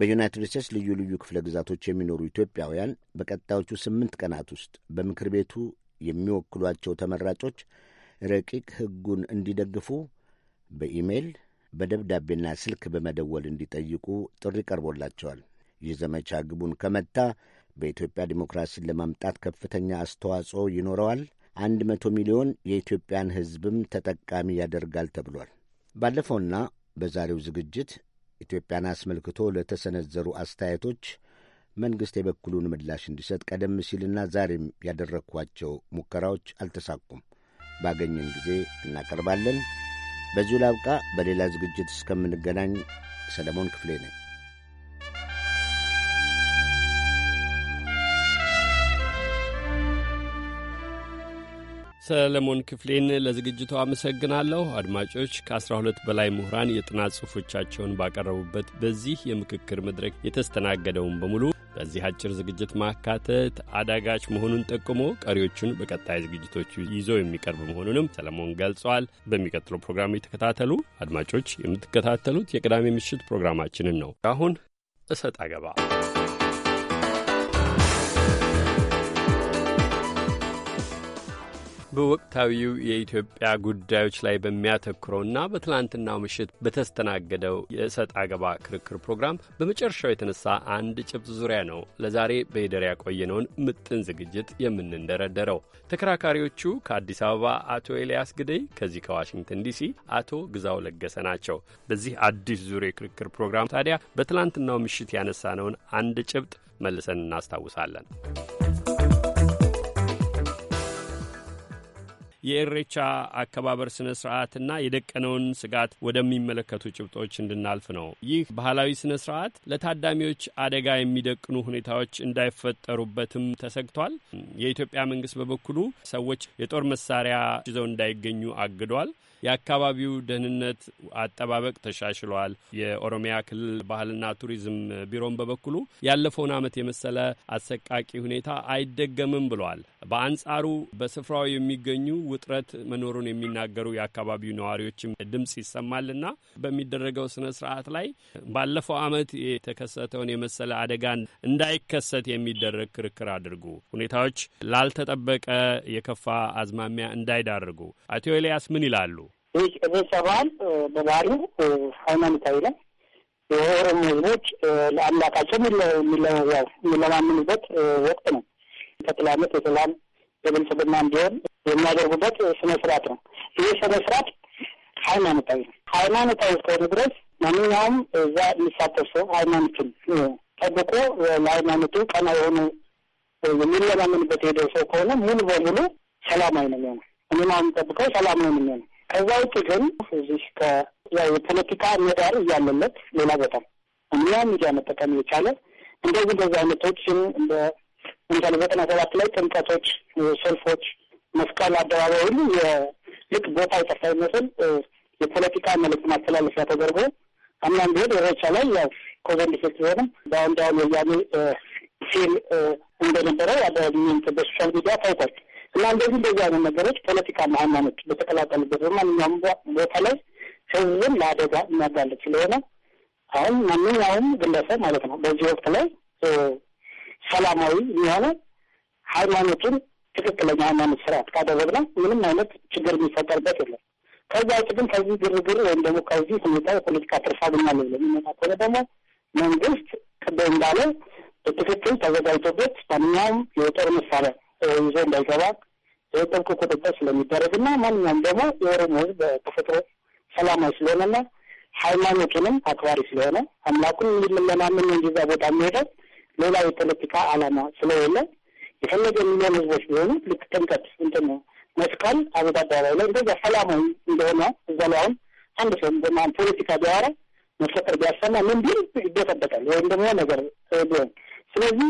በዩናይትድ ስቴትስ ልዩ ልዩ ክፍለ ግዛቶች የሚኖሩ ኢትዮጵያውያን በቀጣዮቹ ስምንት ቀናት ውስጥ በምክር ቤቱ የሚወክሏቸው ተመራጮች ረቂቅ ሕጉን እንዲደግፉ በኢሜይል በደብዳቤና ስልክ በመደወል እንዲጠይቁ ጥሪ ቀርቦላቸዋል። ይህ ዘመቻ ግቡን ከመታ በኢትዮጵያ ዲሞክራሲን ለማምጣት ከፍተኛ አስተዋጽኦ ይኖረዋል። አንድ መቶ ሚሊዮን የኢትዮጵያን ሕዝብም ተጠቃሚ ያደርጋል ተብሏል። ባለፈውና በዛሬው ዝግጅት ኢትዮጵያን አስመልክቶ ለተሰነዘሩ አስተያየቶች መንግሥት የበኩሉን ምላሽ እንዲሰጥ ቀደም ሲልና ዛሬም ያደረግኳቸው ሙከራዎች አልተሳኩም። ባገኘን ጊዜ እናቀርባለን። በዚሁ ላብቃ። በሌላ ዝግጅት እስከምንገናኝ ሰለሞን ክፍሌ ነኝ። ሰለሞን ክፍሌን ለዝግጅቱ አመሰግናለሁ። አድማጮች ከ12 በላይ ምሁራን የጥናት ጽሑፎቻቸውን ባቀረቡበት በዚህ የምክክር መድረክ የተስተናገደውን በሙሉ በዚህ አጭር ዝግጅት ማካተት አዳጋች መሆኑን ጠቁሞ ቀሪዎቹን በቀጣይ ዝግጅቶች ይዞ የሚቀርብ መሆኑንም ሰለሞን ገልጿል። በሚቀጥለው ፕሮግራም የተከታተሉ አድማጮች የምትከታተሉት የቅዳሜ ምሽት ፕሮግራማችንን ነው። አሁን እሰጥ አገባ በወቅታዊው የኢትዮጵያ ጉዳዮች ላይ በሚያተኩረውና በትላንትናው ምሽት በተስተናገደው የእሰጥ አገባ ክርክር ፕሮግራም በመጨረሻው የተነሳ አንድ ጭብጥ ዙሪያ ነው ለዛሬ በሄደር ያቆየነውን ምጥን ዝግጅት የምንደረደረው። ተከራካሪዎቹ ከአዲስ አበባ አቶ ኤልያስ ግደይ፣ ከዚህ ከዋሽንግተን ዲሲ አቶ ግዛው ለገሰ ናቸው። በዚህ አዲስ ዙር የክርክር ፕሮግራም ታዲያ በትላንትናው ምሽት ያነሳነውን አንድ ጭብጥ መልሰን እናስታውሳለን። የኤሬቻ አከባበር ስነ ስርዓትና የደቀነውን ስጋት ወደሚመለከቱ ጭብጦች እንድናልፍ ነው። ይህ ባህላዊ ስነ ስርዓት ለታዳሚዎች አደጋ የሚደቅኑ ሁኔታዎች እንዳይፈጠሩበትም ተሰግቷል። የኢትዮጵያ መንግስት በበኩሉ ሰዎች የጦር መሳሪያ ይዘው እንዳይገኙ አግዷል። የአካባቢው ደህንነት አጠባበቅ ተሻሽሏል። የኦሮሚያ ክልል ባህልና ቱሪዝም ቢሮን በበኩሉ ያለፈውን ዓመት የመሰለ አሰቃቂ ሁኔታ አይደገምም ብሏል። በአንጻሩ በስፍራው የሚገኙ ውጥረት መኖሩን የሚናገሩ የአካባቢው ነዋሪዎችም ድምፅ ይሰማልና በሚደረገው ስነ ስርዓት ላይ ባለፈው ዓመት የተከሰተውን የመሰለ አደጋ እንዳይከሰት የሚደረግ ክርክር አድርጉ፣ ሁኔታዎች ላልተጠበቀ የከፋ አዝማሚያ እንዳይዳርጉ። አቶ ኤልያስ ምን ይላሉ? ሬሰ በዓል በባህሪው ሃይማኖታዊ ነው። የኦሮሞ ህዝቦች ለአምላካቸው የሚለዋው የሚለማምኑበት ወቅት ነው። ከትላመት የሰላም የብልጽግና እንዲሆን የሚያደርጉበት ስነ ስርዓት ነው። ይህ ስነ ስርዓት ሃይማኖታዊ ነው። ሃይማኖታዊ እስከሆነ ድረስ ማንኛውም እዛ የሚሳተፍ ሰው ሃይማኖቱን ጠብቆ ለሃይማኖቱ ቀና የሆኑ የሚለማምንበት ሄደው ሰው ከሆነ ሙሉ በሙሉ ሰላማዊ ነው የሚሆነው። እኔ ማን ጠብቀው ሰላም ነው የሚሆነው ከዛ ውጭ ግን እዚህ የፖለቲካ ምህዳር እያለለት ሌላ ቦታ ሙያ ሚዲያ መጠቀም የቻለ እንደዚህ እንደዚህ አይነቶችን እንደ ምሳሌ ዘጠና ሰባት ላይ ጥምቀቶች፣ ሰልፎች፣ መስቀል አደባባይ ሁሉ የልቅ ቦታ የጠፋ ይመስል የፖለቲካ መልዕክት ማስተላለፊያ ተደርጎ አምናም ቢሆን ኢሬቻ ላይ ያው ኮቨንድ ፌክት ቢሆንም በአሁን ዳሁን ወያኔ ሲል እንደነበረ በሶሻል ሚዲያ ታውቋል። እና እንደዚህ እንደዚህ አይነት ነገሮች ፖለቲካና ሃይማኖት በተቀላቀሉበት በማንኛውም ቦታ ላይ ህዝብን ለአደጋ የሚያጋልጥ ስለሆነ አሁን ማንኛውም ግለሰብ ማለት ነው በዚህ ወቅት ላይ ሰላማዊ የሚሆነ ሃይማኖቱን ትክክለኛ ሃይማኖት ስርዓት ካደረግና ምንም አይነት ችግር የሚፈጠርበት የለም። ከዛ ውጭ ግን ከዚህ ግርግር ወይም ደግሞ ከዚህ ሁኔታ የፖለቲካ ትርፍ አገኛለሁ ብሎ የሚመጣ ከሆነ ደግሞ መንግስት ቅድም እንዳለ በትክክል ተዘጋጅቶበት ማንኛውም የጦር መሳሪያ ይዞ እንዳይገባ ጥብቅ ቁጥጥር ስለሚደረግና ማንኛውም ደግሞ የኦሮሞ ህዝብ በተፈጥሮ ሰላማዊ ስለሆነ ስለሆነና ሃይማኖቱንም አክባሪ ስለሆነ አምላኩን የምንለማመን እንዲዛ ቦታ የሚሄደው ሌላ የፖለቲካ አላማ ስለሌለ የፈለገ ሚሊዮን ህዝቦች ቢሆኑ ልክ ጥምቀት እንትን መስቀል አበባ አደባባይ ላይ እንደዛ ሰላማዊ እንደሆነ እዛ ላይ አሁን አንድ ሰው እንደማን ፖለቲካ ቢያወራ መፈጠር ቢያሰማ ምን ቢል ይበጠበጣል ወይም ደግሞ ነገር ቢሆን ስለዚህ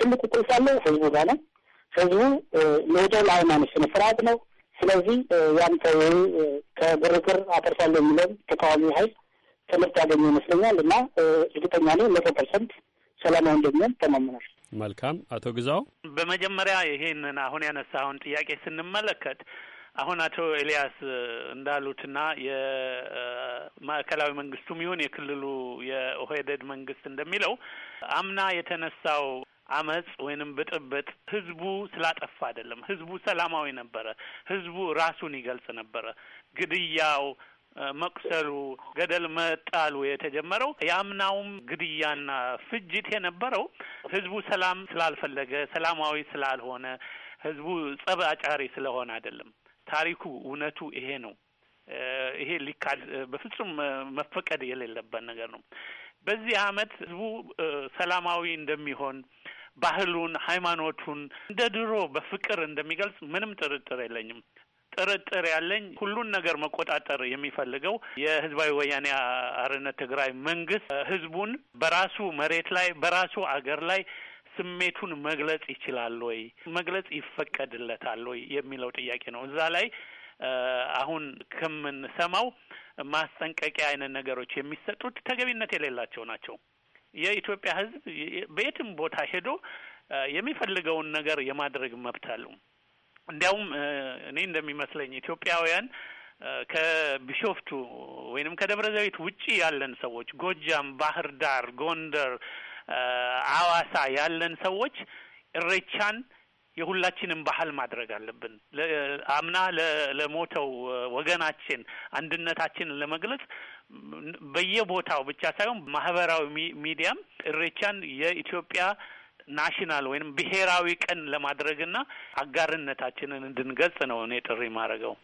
ትልቁ ቁልፍ አለው ህዝቡ ጋር ነው። ህዝቡ መሄደው ለሃይማኖት ስነ ስርዓት ነው። ስለዚህ ያንተ ወይ ከግርግር አተርፋለሁ የሚለውን ተቃዋሚ ሀይል ትምህርት ያገኘ ይመስለኛል እና እርግጠኛ ነኝ መቶ ፐርሰንት ሰላማዊ እንደሚሆን ተማምናል። መልካም አቶ ግዛው፣ በመጀመሪያ ይሄንን አሁን ያነሳውን ጥያቄ ስንመለከት አሁን አቶ ኤልያስ እንዳሉትና የማዕከላዊ መንግስቱም ይሁን የክልሉ የኦህዴድ መንግስት እንደሚለው አምና የተነሳው አመፅ ወይንም ብጥብጥ ህዝቡ ስላጠፋ አይደለም። ህዝቡ ሰላማዊ ነበረ። ህዝቡ ራሱን ይገልጽ ነበረ። ግድያው መቁሰሉ፣ ገደል መጣሉ የተጀመረው የአምናውም ግድያና ፍጅት የነበረው ህዝቡ ሰላም ስላልፈለገ ሰላማዊ ስላልሆነ ህዝቡ ጸብ አጫሪ ስለሆነ አይደለም። ታሪኩ እውነቱ ይሄ ነው። ይሄ ሊካድ በፍጹም መፈቀድ የሌለበት ነገር ነው። በዚህ አመት ህዝቡ ሰላማዊ እንደሚሆን ባህሉን፣ ሃይማኖቱን እንደ ድሮ በፍቅር እንደሚገልጽ ምንም ጥርጥር የለኝም። ጥርጥር ያለኝ ሁሉን ነገር መቆጣጠር የሚፈልገው የህዝባዊ ወያኔ አርነት ትግራይ መንግስት ህዝቡን በራሱ መሬት ላይ በራሱ አገር ላይ ስሜቱን መግለጽ ይችላል ወይ፣ መግለጽ ይፈቀድለታል ወይ የሚለው ጥያቄ ነው። እዛ ላይ አሁን ከምንሰማው ማስጠንቀቂያ አይነት ነገሮች የሚሰጡት ተገቢነት የሌላቸው ናቸው። የኢትዮጵያ ሕዝብ በየትም ቦታ ሄዶ የሚፈልገውን ነገር የማድረግ መብት አለው። እንዲያውም እኔ እንደሚመስለኝ ኢትዮጵያውያን ከቢሾፍቱ ወይንም ከደብረ ዘይት ውጪ ያለን ሰዎች ጎጃም፣ ባህር ዳር፣ ጎንደር፣ አዋሳ ያለን ሰዎች እሬቻን የሁላችንም ባህል ማድረግ አለብን። አምና ለሞተው ወገናችን አንድነታችንን ለመግለጽ በየቦታው ብቻ ሳይሆን ማህበራዊ ሚዲያም እሬቻን የኢትዮጵያ ናሽናል ወይም ብሔራዊ ቀን ለማድረግና አጋርነታችንን እንድንገልጽ ነው እኔ ጥሪ ማድረገው።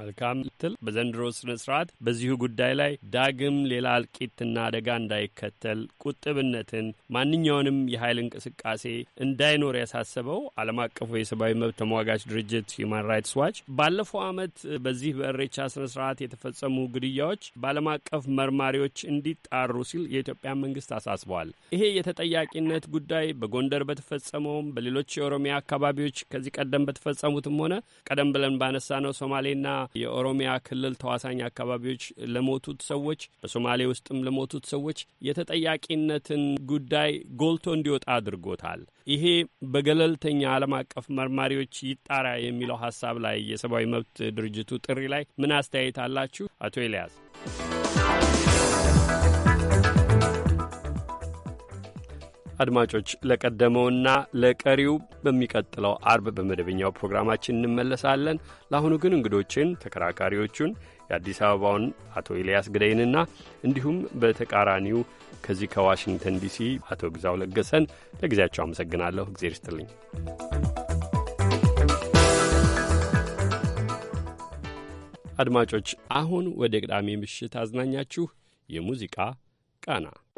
መልካም ትል በዘንድሮ ስነ ስርዓት በዚሁ ጉዳይ ላይ ዳግም ሌላ እልቂትና አደጋ እንዳይከተል ቁጥብነትን ማንኛውንም የኃይል እንቅስቃሴ እንዳይኖር ያሳሰበው ዓለም አቀፉ የሰብአዊ መብት ተሟጋች ድርጅት ሂማን ራይትስ ዋች ባለፈው ዓመት በዚህ በእሬቻ ስነ ስርዓት የተፈጸሙ ግድያዎች በዓለም አቀፍ መርማሪዎች እንዲጣሩ ሲል የኢትዮጵያ መንግስት አሳስበዋል። ይሄ የተጠያቂነት ጉዳይ በጎንደር በተፈጸመውም በሌሎች የኦሮሚያ አካባቢዎች ከዚህ ቀደም በተፈጸሙትም ሆነ ቀደም ብለን ባነሳ ነው ሶማሌና የኦሮሚያ ክልል ተዋሳኝ አካባቢዎች ለሞቱት ሰዎች በሶማሌ ውስጥም ለሞቱት ሰዎች የተጠያቂነትን ጉዳይ ጎልቶ እንዲወጣ አድርጎታል። ይሄ በገለልተኛ ዓለም አቀፍ መርማሪዎች ይጣራ የሚለው ሀሳብ ላይ የሰብአዊ መብት ድርጅቱ ጥሪ ላይ ምን አስተያየት አላችሁ አቶ ኤልያስ? አድማጮች ለቀደመውና ለቀሪው በሚቀጥለው አርብ በመደበኛው ፕሮግራማችን እንመለሳለን። ለአሁኑ ግን እንግዶችን ተከራካሪዎቹን የአዲስ አበባውን አቶ ኤልያስ ግደይንና እንዲሁም በተቃራኒው ከዚህ ከዋሽንግተን ዲሲ አቶ ግዛው ለገሰን ለጊዜያቸው አመሰግናለሁ። እግዜር ይስጥልኝ። አድማጮች አሁን ወደ ቅዳሜ ምሽት አዝናኛችሁ የሙዚቃ ቃና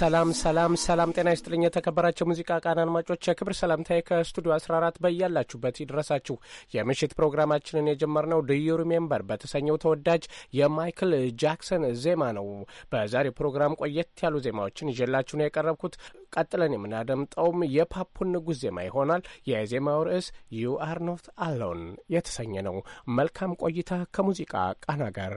ሰላም ሰላም ሰላም፣ ጤና ይስጥልኝ የተከበራቸው ሙዚቃ ቃና አድማጮች የክብር ሰላምታዬ ከስቱዲዮ 14 በያላችሁበት ይድረሳችሁ። የምሽት ፕሮግራማችንን የጀመርነው ዱዩ ሪሜምበር በተሰኘው ተወዳጅ የማይክል ጃክሰን ዜማ ነው። በዛሬው ፕሮግራም ቆየት ያሉ ዜማዎችን ይዤላችሁ ነው የቀረብኩት። ቀጥለን የምናደምጠውም የፓፑን ንጉሥ ዜማ ይሆናል። የዜማው ርዕስ ዩ አር ኖት አሎን የተሰኘ ነው። መልካም ቆይታ ከሙዚቃ ቃና ጋር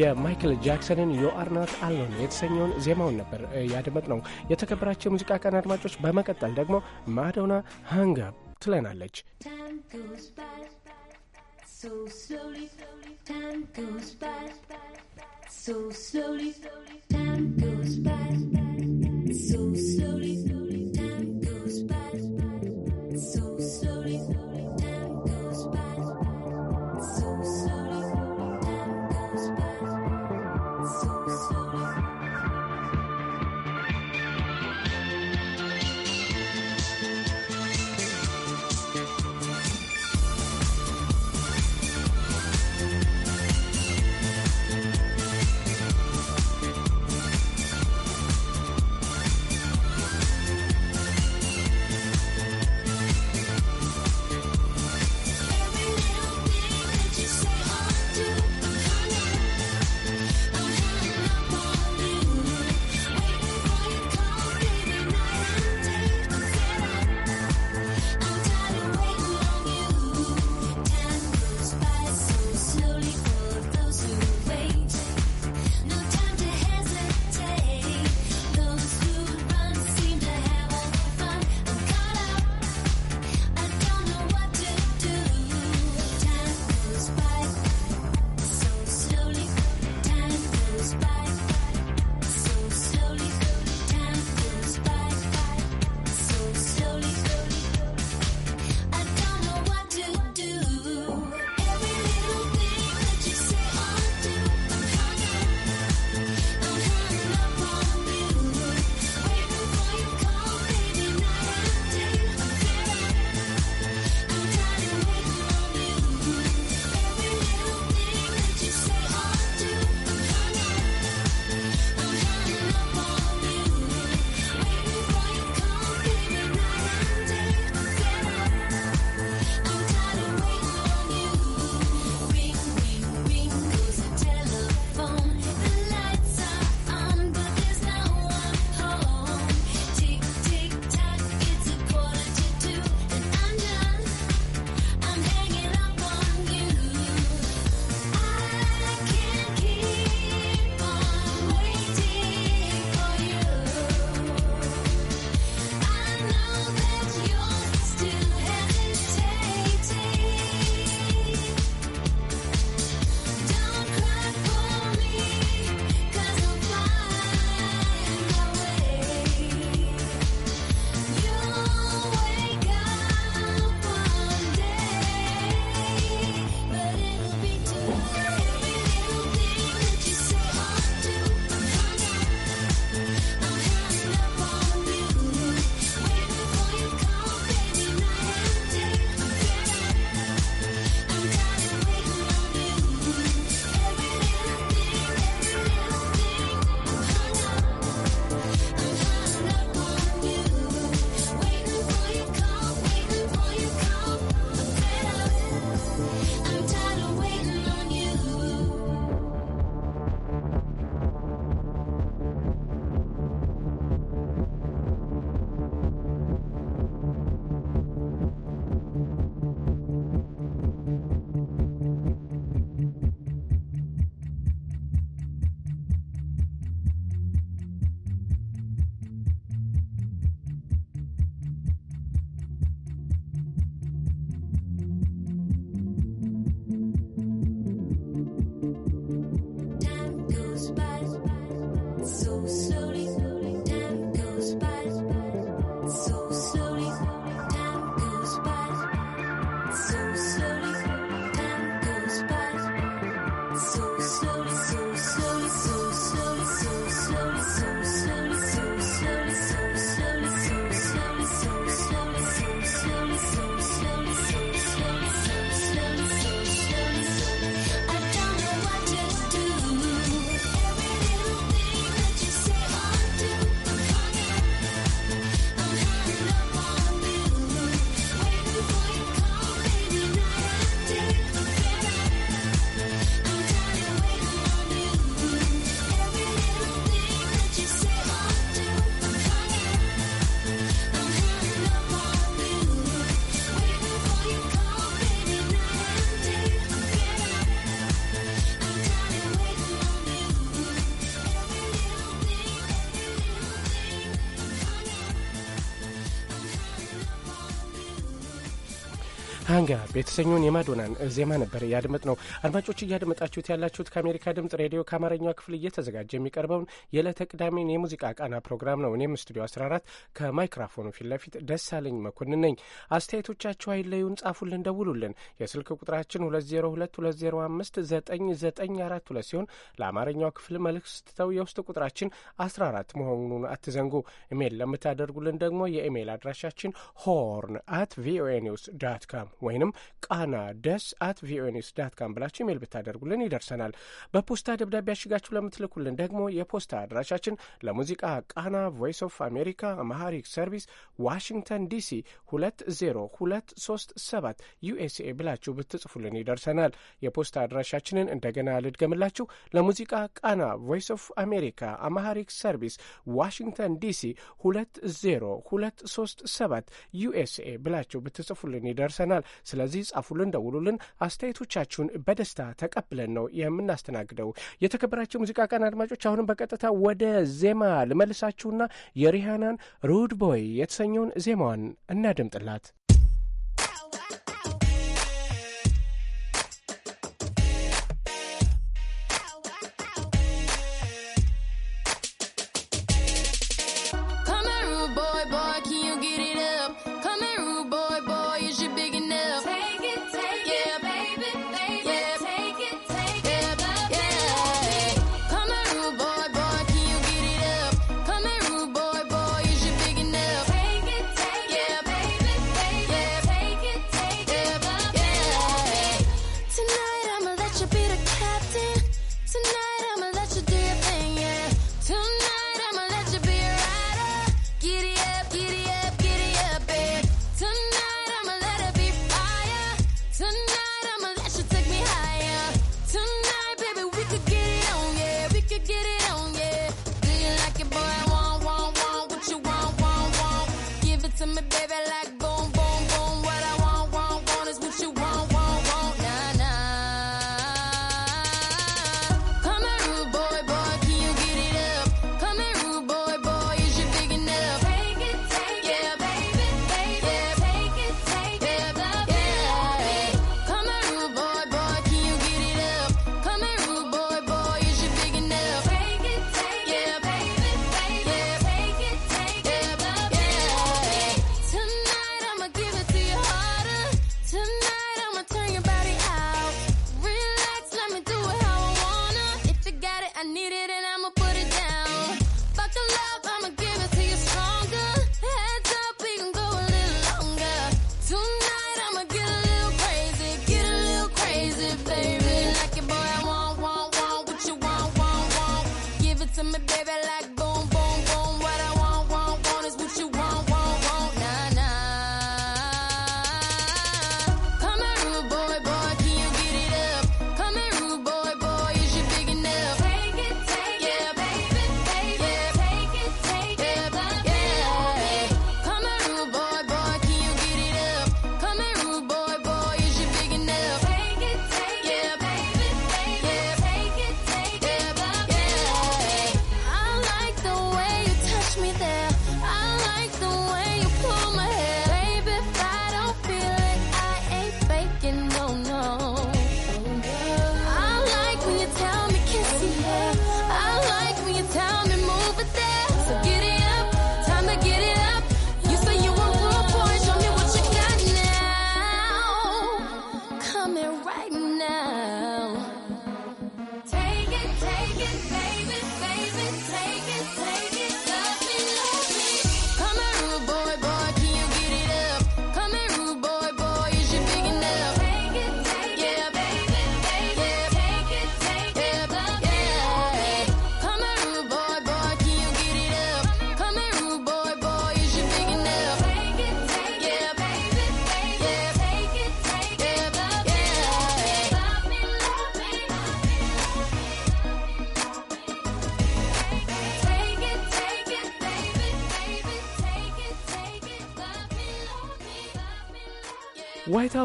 የማይክል ጃክሰንን ዩ አር አሎን የተሰኘውን ዜማውን ነበር ያደመጥ ነው። የተከበራቸው የሙዚቃ ቀን አድማጮች፣ በመቀጠል ደግሞ ማዶና ሃንግ አፕ ትለናለች። So slowly, time goes by, so slowly. ሃንግ የተሰኘውን የማዶናን ዜማ ነበር ያድመጥ ነው። አድማጮች እያደመጣችሁት ያላችሁት ከአሜሪካ ድምጽ ሬዲዮ ከአማርኛው ክፍል እየተዘጋጀ የሚቀርበውን የዕለተ ቅዳሜን የሙዚቃ ቃና ፕሮግራም ነው። እኔም ስቱዲዮ 14 ከማይክሮፎኑ ፊት ለፊት ደሳለኝ መኮንን ነኝ። አስተያየቶቻችሁ አይለዩን፣ ጻፉልን፣ ደውሉልን። የስልክ ቁጥራችን 2022059942 ሲሆን ለአማርኛው ክፍል መልእክት ስትተው የውስጥ ቁጥራችን 14 መሆኑን አትዘንጉ። ኢሜይል ለምታደርጉልን ደግሞ የኢሜይል አድራሻችን ሆርን አት ቪኦኤ ኒውስ ዳት ካም ወይንም ቃና ደስ አት ቪኦኤ ኒውስ ዳት ካም ብላችሁ ኢሜል ብታደርጉልን ይደርሰናል። በፖስታ ደብዳቤ ያሽጋችሁ ለምትልኩልን ደግሞ የፖስታ አድራሻችን ለሙዚቃ ቃና ቮይስ ኦፍ አሜሪካ አማሃሪክ ሰርቪስ ዋሽንግተን ዲሲ 20237 ዩኤስኤ ብላችሁ ብትጽፉልን ይደርሰናል። የፖስታ አድራሻችንን እንደገና ልድገምላችሁ። ለሙዚቃ ቃና ቮይስ ኦፍ አሜሪካ አማሃሪክ ሰርቪስ ዋሽንግተን ዲሲ 20237 ዩኤስኤ ብላችሁ ብትጽፉልን ይደርሰናል። ስለዚህ ጻፉልን፣ ደውሉልን። አስተያየቶቻችሁን በደስታ ተቀብለን ነው የምናስተናግደው። የተከበራቸው ሙዚቃ ቀን አድማጮች፣ አሁንም በቀጥታ ወደ ዜማ ልመልሳችሁና የሪሃናን ሩድ ቦይ የተሰኘውን ዜማዋን እናደምጥላት።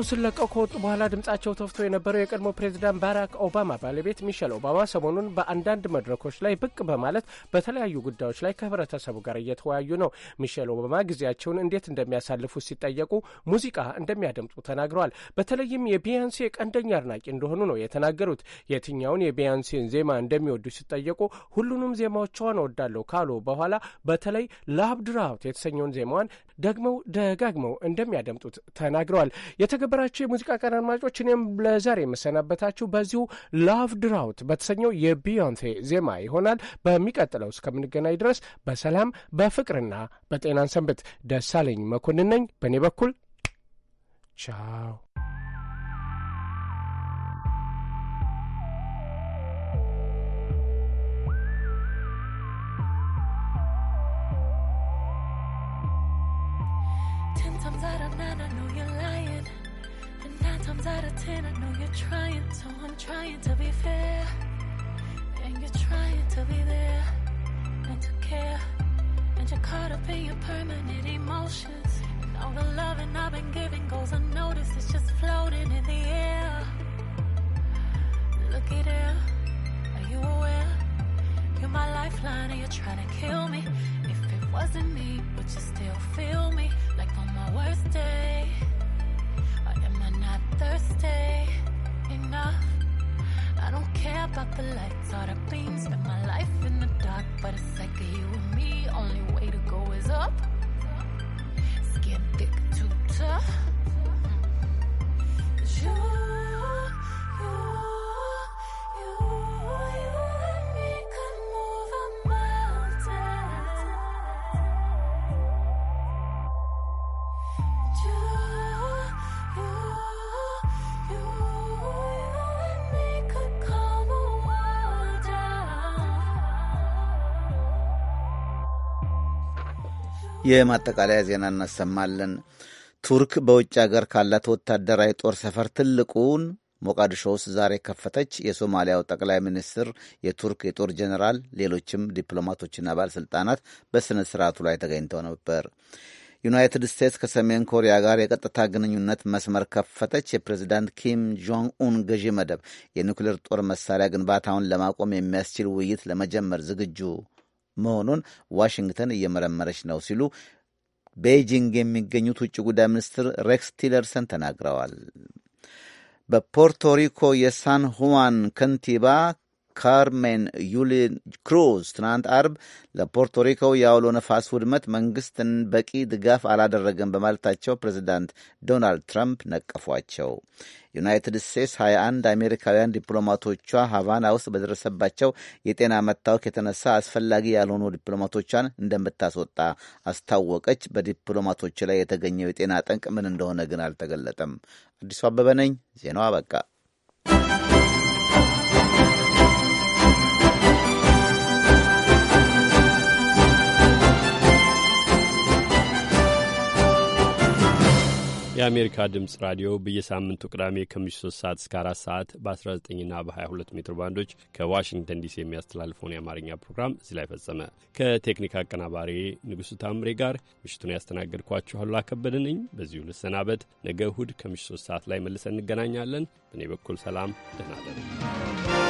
ሃውስን ለቀው ከወጡ በኋላ ድምጻቸው ተፍቶ የነበረው የቀድሞ ፕሬዚዳንት ባራክ ኦባማ ባለቤት ሚሸል ኦባማ ሰሞኑን በአንዳንድ መድረኮች ላይ ብቅ በማለት በተለያዩ ጉዳዮች ላይ ከህብረተሰቡ ጋር እየተወያዩ ነው። ሚሸል ኦባማ ጊዜያቸውን እንዴት እንደሚያሳልፉ ሲጠየቁ ሙዚቃ እንደሚያደምጡ ተናግረዋል። በተለይም የቢያንሴ ቀንደኛ አድናቂ እንደሆኑ ነው የተናገሩት። የትኛውን የቢያንሴን ዜማ እንደሚወዱ ሲጠየቁ ሁሉንም ዜማዎቿን ወዳለሁ ካሉ በኋላ በተለይ ላብድራውት የተሰኘውን ዜማዋን ደግመው ደጋግመው እንደሚያደምጡት ተናግረዋል። የተከበራቸው የሙዚቃ ቀን አድማጮች፣ እኔም ለዛሬ የምሰናበታችሁ በዚሁ ላቭ ድራውት በተሰኘው የቢዮንሴ ዜማ ይሆናል። በሚቀጥለው እስከምንገናኝ ድረስ በሰላም በፍቅርና በጤናን ሰንብት። ደሳለኝ መኮንን ነኝ። በእኔ በኩል ቻው። know you're lying. times out of ten, I know you're trying, so I'm trying to be fair. And you're trying to be there and to care. And you're caught up in your permanent emotions. And all the loving I've been giving goes unnoticed, it's just floating in the air. Looky there, are you aware? You're my lifeline, and you're trying to kill me. If it wasn't me, would you still feel me? Like on my worst day. Thursday. Enough. I don't care about the lights or the beams. Spend my life in the dark, but it's like you and me. Only way to go is up. Skin thick, too tough. የማጠቃለያ ዜና እናሰማለን። ቱርክ በውጭ አገር ካላት ወታደራዊ ጦር ሰፈር ትልቁን ሞቃዲሾ ውስጥ ዛሬ ከፈተች። የሶማሊያው ጠቅላይ ሚኒስትር፣ የቱርክ የጦር ጀኔራል፣ ሌሎችም ዲፕሎማቶችና ባለሥልጣናት በሥነ ሥርዓቱ ላይ ተገኝተው ነበር። ዩናይትድ ስቴትስ ከሰሜን ኮሪያ ጋር የቀጥታ ግንኙነት መስመር ከፈተች። የፕሬዚዳንት ኪም ጆንግ ኡን ገዢ መደብ የኒውክሌር ጦር መሳሪያ ግንባታውን ለማቆም የሚያስችል ውይይት ለመጀመር ዝግጁ መሆኑን ዋሽንግተን እየመረመረች ነው ሲሉ ቤጂንግ የሚገኙት ውጭ ጉዳይ ሚኒስትር ሬክስ ቲለርሰን ተናግረዋል። በፖርቶሪኮ የሳን ሁዋን ከንቲባ ካርሜን ዩሊን ክሩዝ ትናንት አርብ ለፖርቶሪኮ የአውሎ ነፋስ ውድመት መንግስትን በቂ ድጋፍ አላደረገም በማለታቸው ፕሬዚዳንት ዶናልድ ትራምፕ ነቀፏቸው። ዩናይትድ ስቴትስ 21 አሜሪካውያን ዲፕሎማቶቿ ሀቫና ውስጥ በደረሰባቸው የጤና መታወክ የተነሳ አስፈላጊ ያልሆኑ ዲፕሎማቶቿን እንደምታስወጣ አስታወቀች። በዲፕሎማቶች ላይ የተገኘው የጤና ጠንቅ ምን እንደሆነ ግን አልተገለጠም። አዲሱ አበበ ነኝ። ዜናው አበቃ። የአሜሪካ ድምፅ ራዲዮ በየሳምንቱ ቅዳሜ ከምሽቱ 3 ሰዓት እስከ 4 ሰዓት በ19ና በ22 ሜትር ባንዶች ከዋሽንግተን ዲሲ የሚያስተላልፈውን የአማርኛ ፕሮግራም እዚህ ላይ ፈጸመ። ከቴክኒክ አቀናባሪ ንጉሡ ታምሬ ጋር ምሽቱን ያስተናገድኳችሁ አሉላ ከበደ ነኝ። በዚሁ ልሰናበት። ነገ እሁድ ከምሽቱ 3 ሰዓት ላይ መልሰን እንገናኛለን። በእኔ በኩል ሰላም፣ ደህና እደሩ።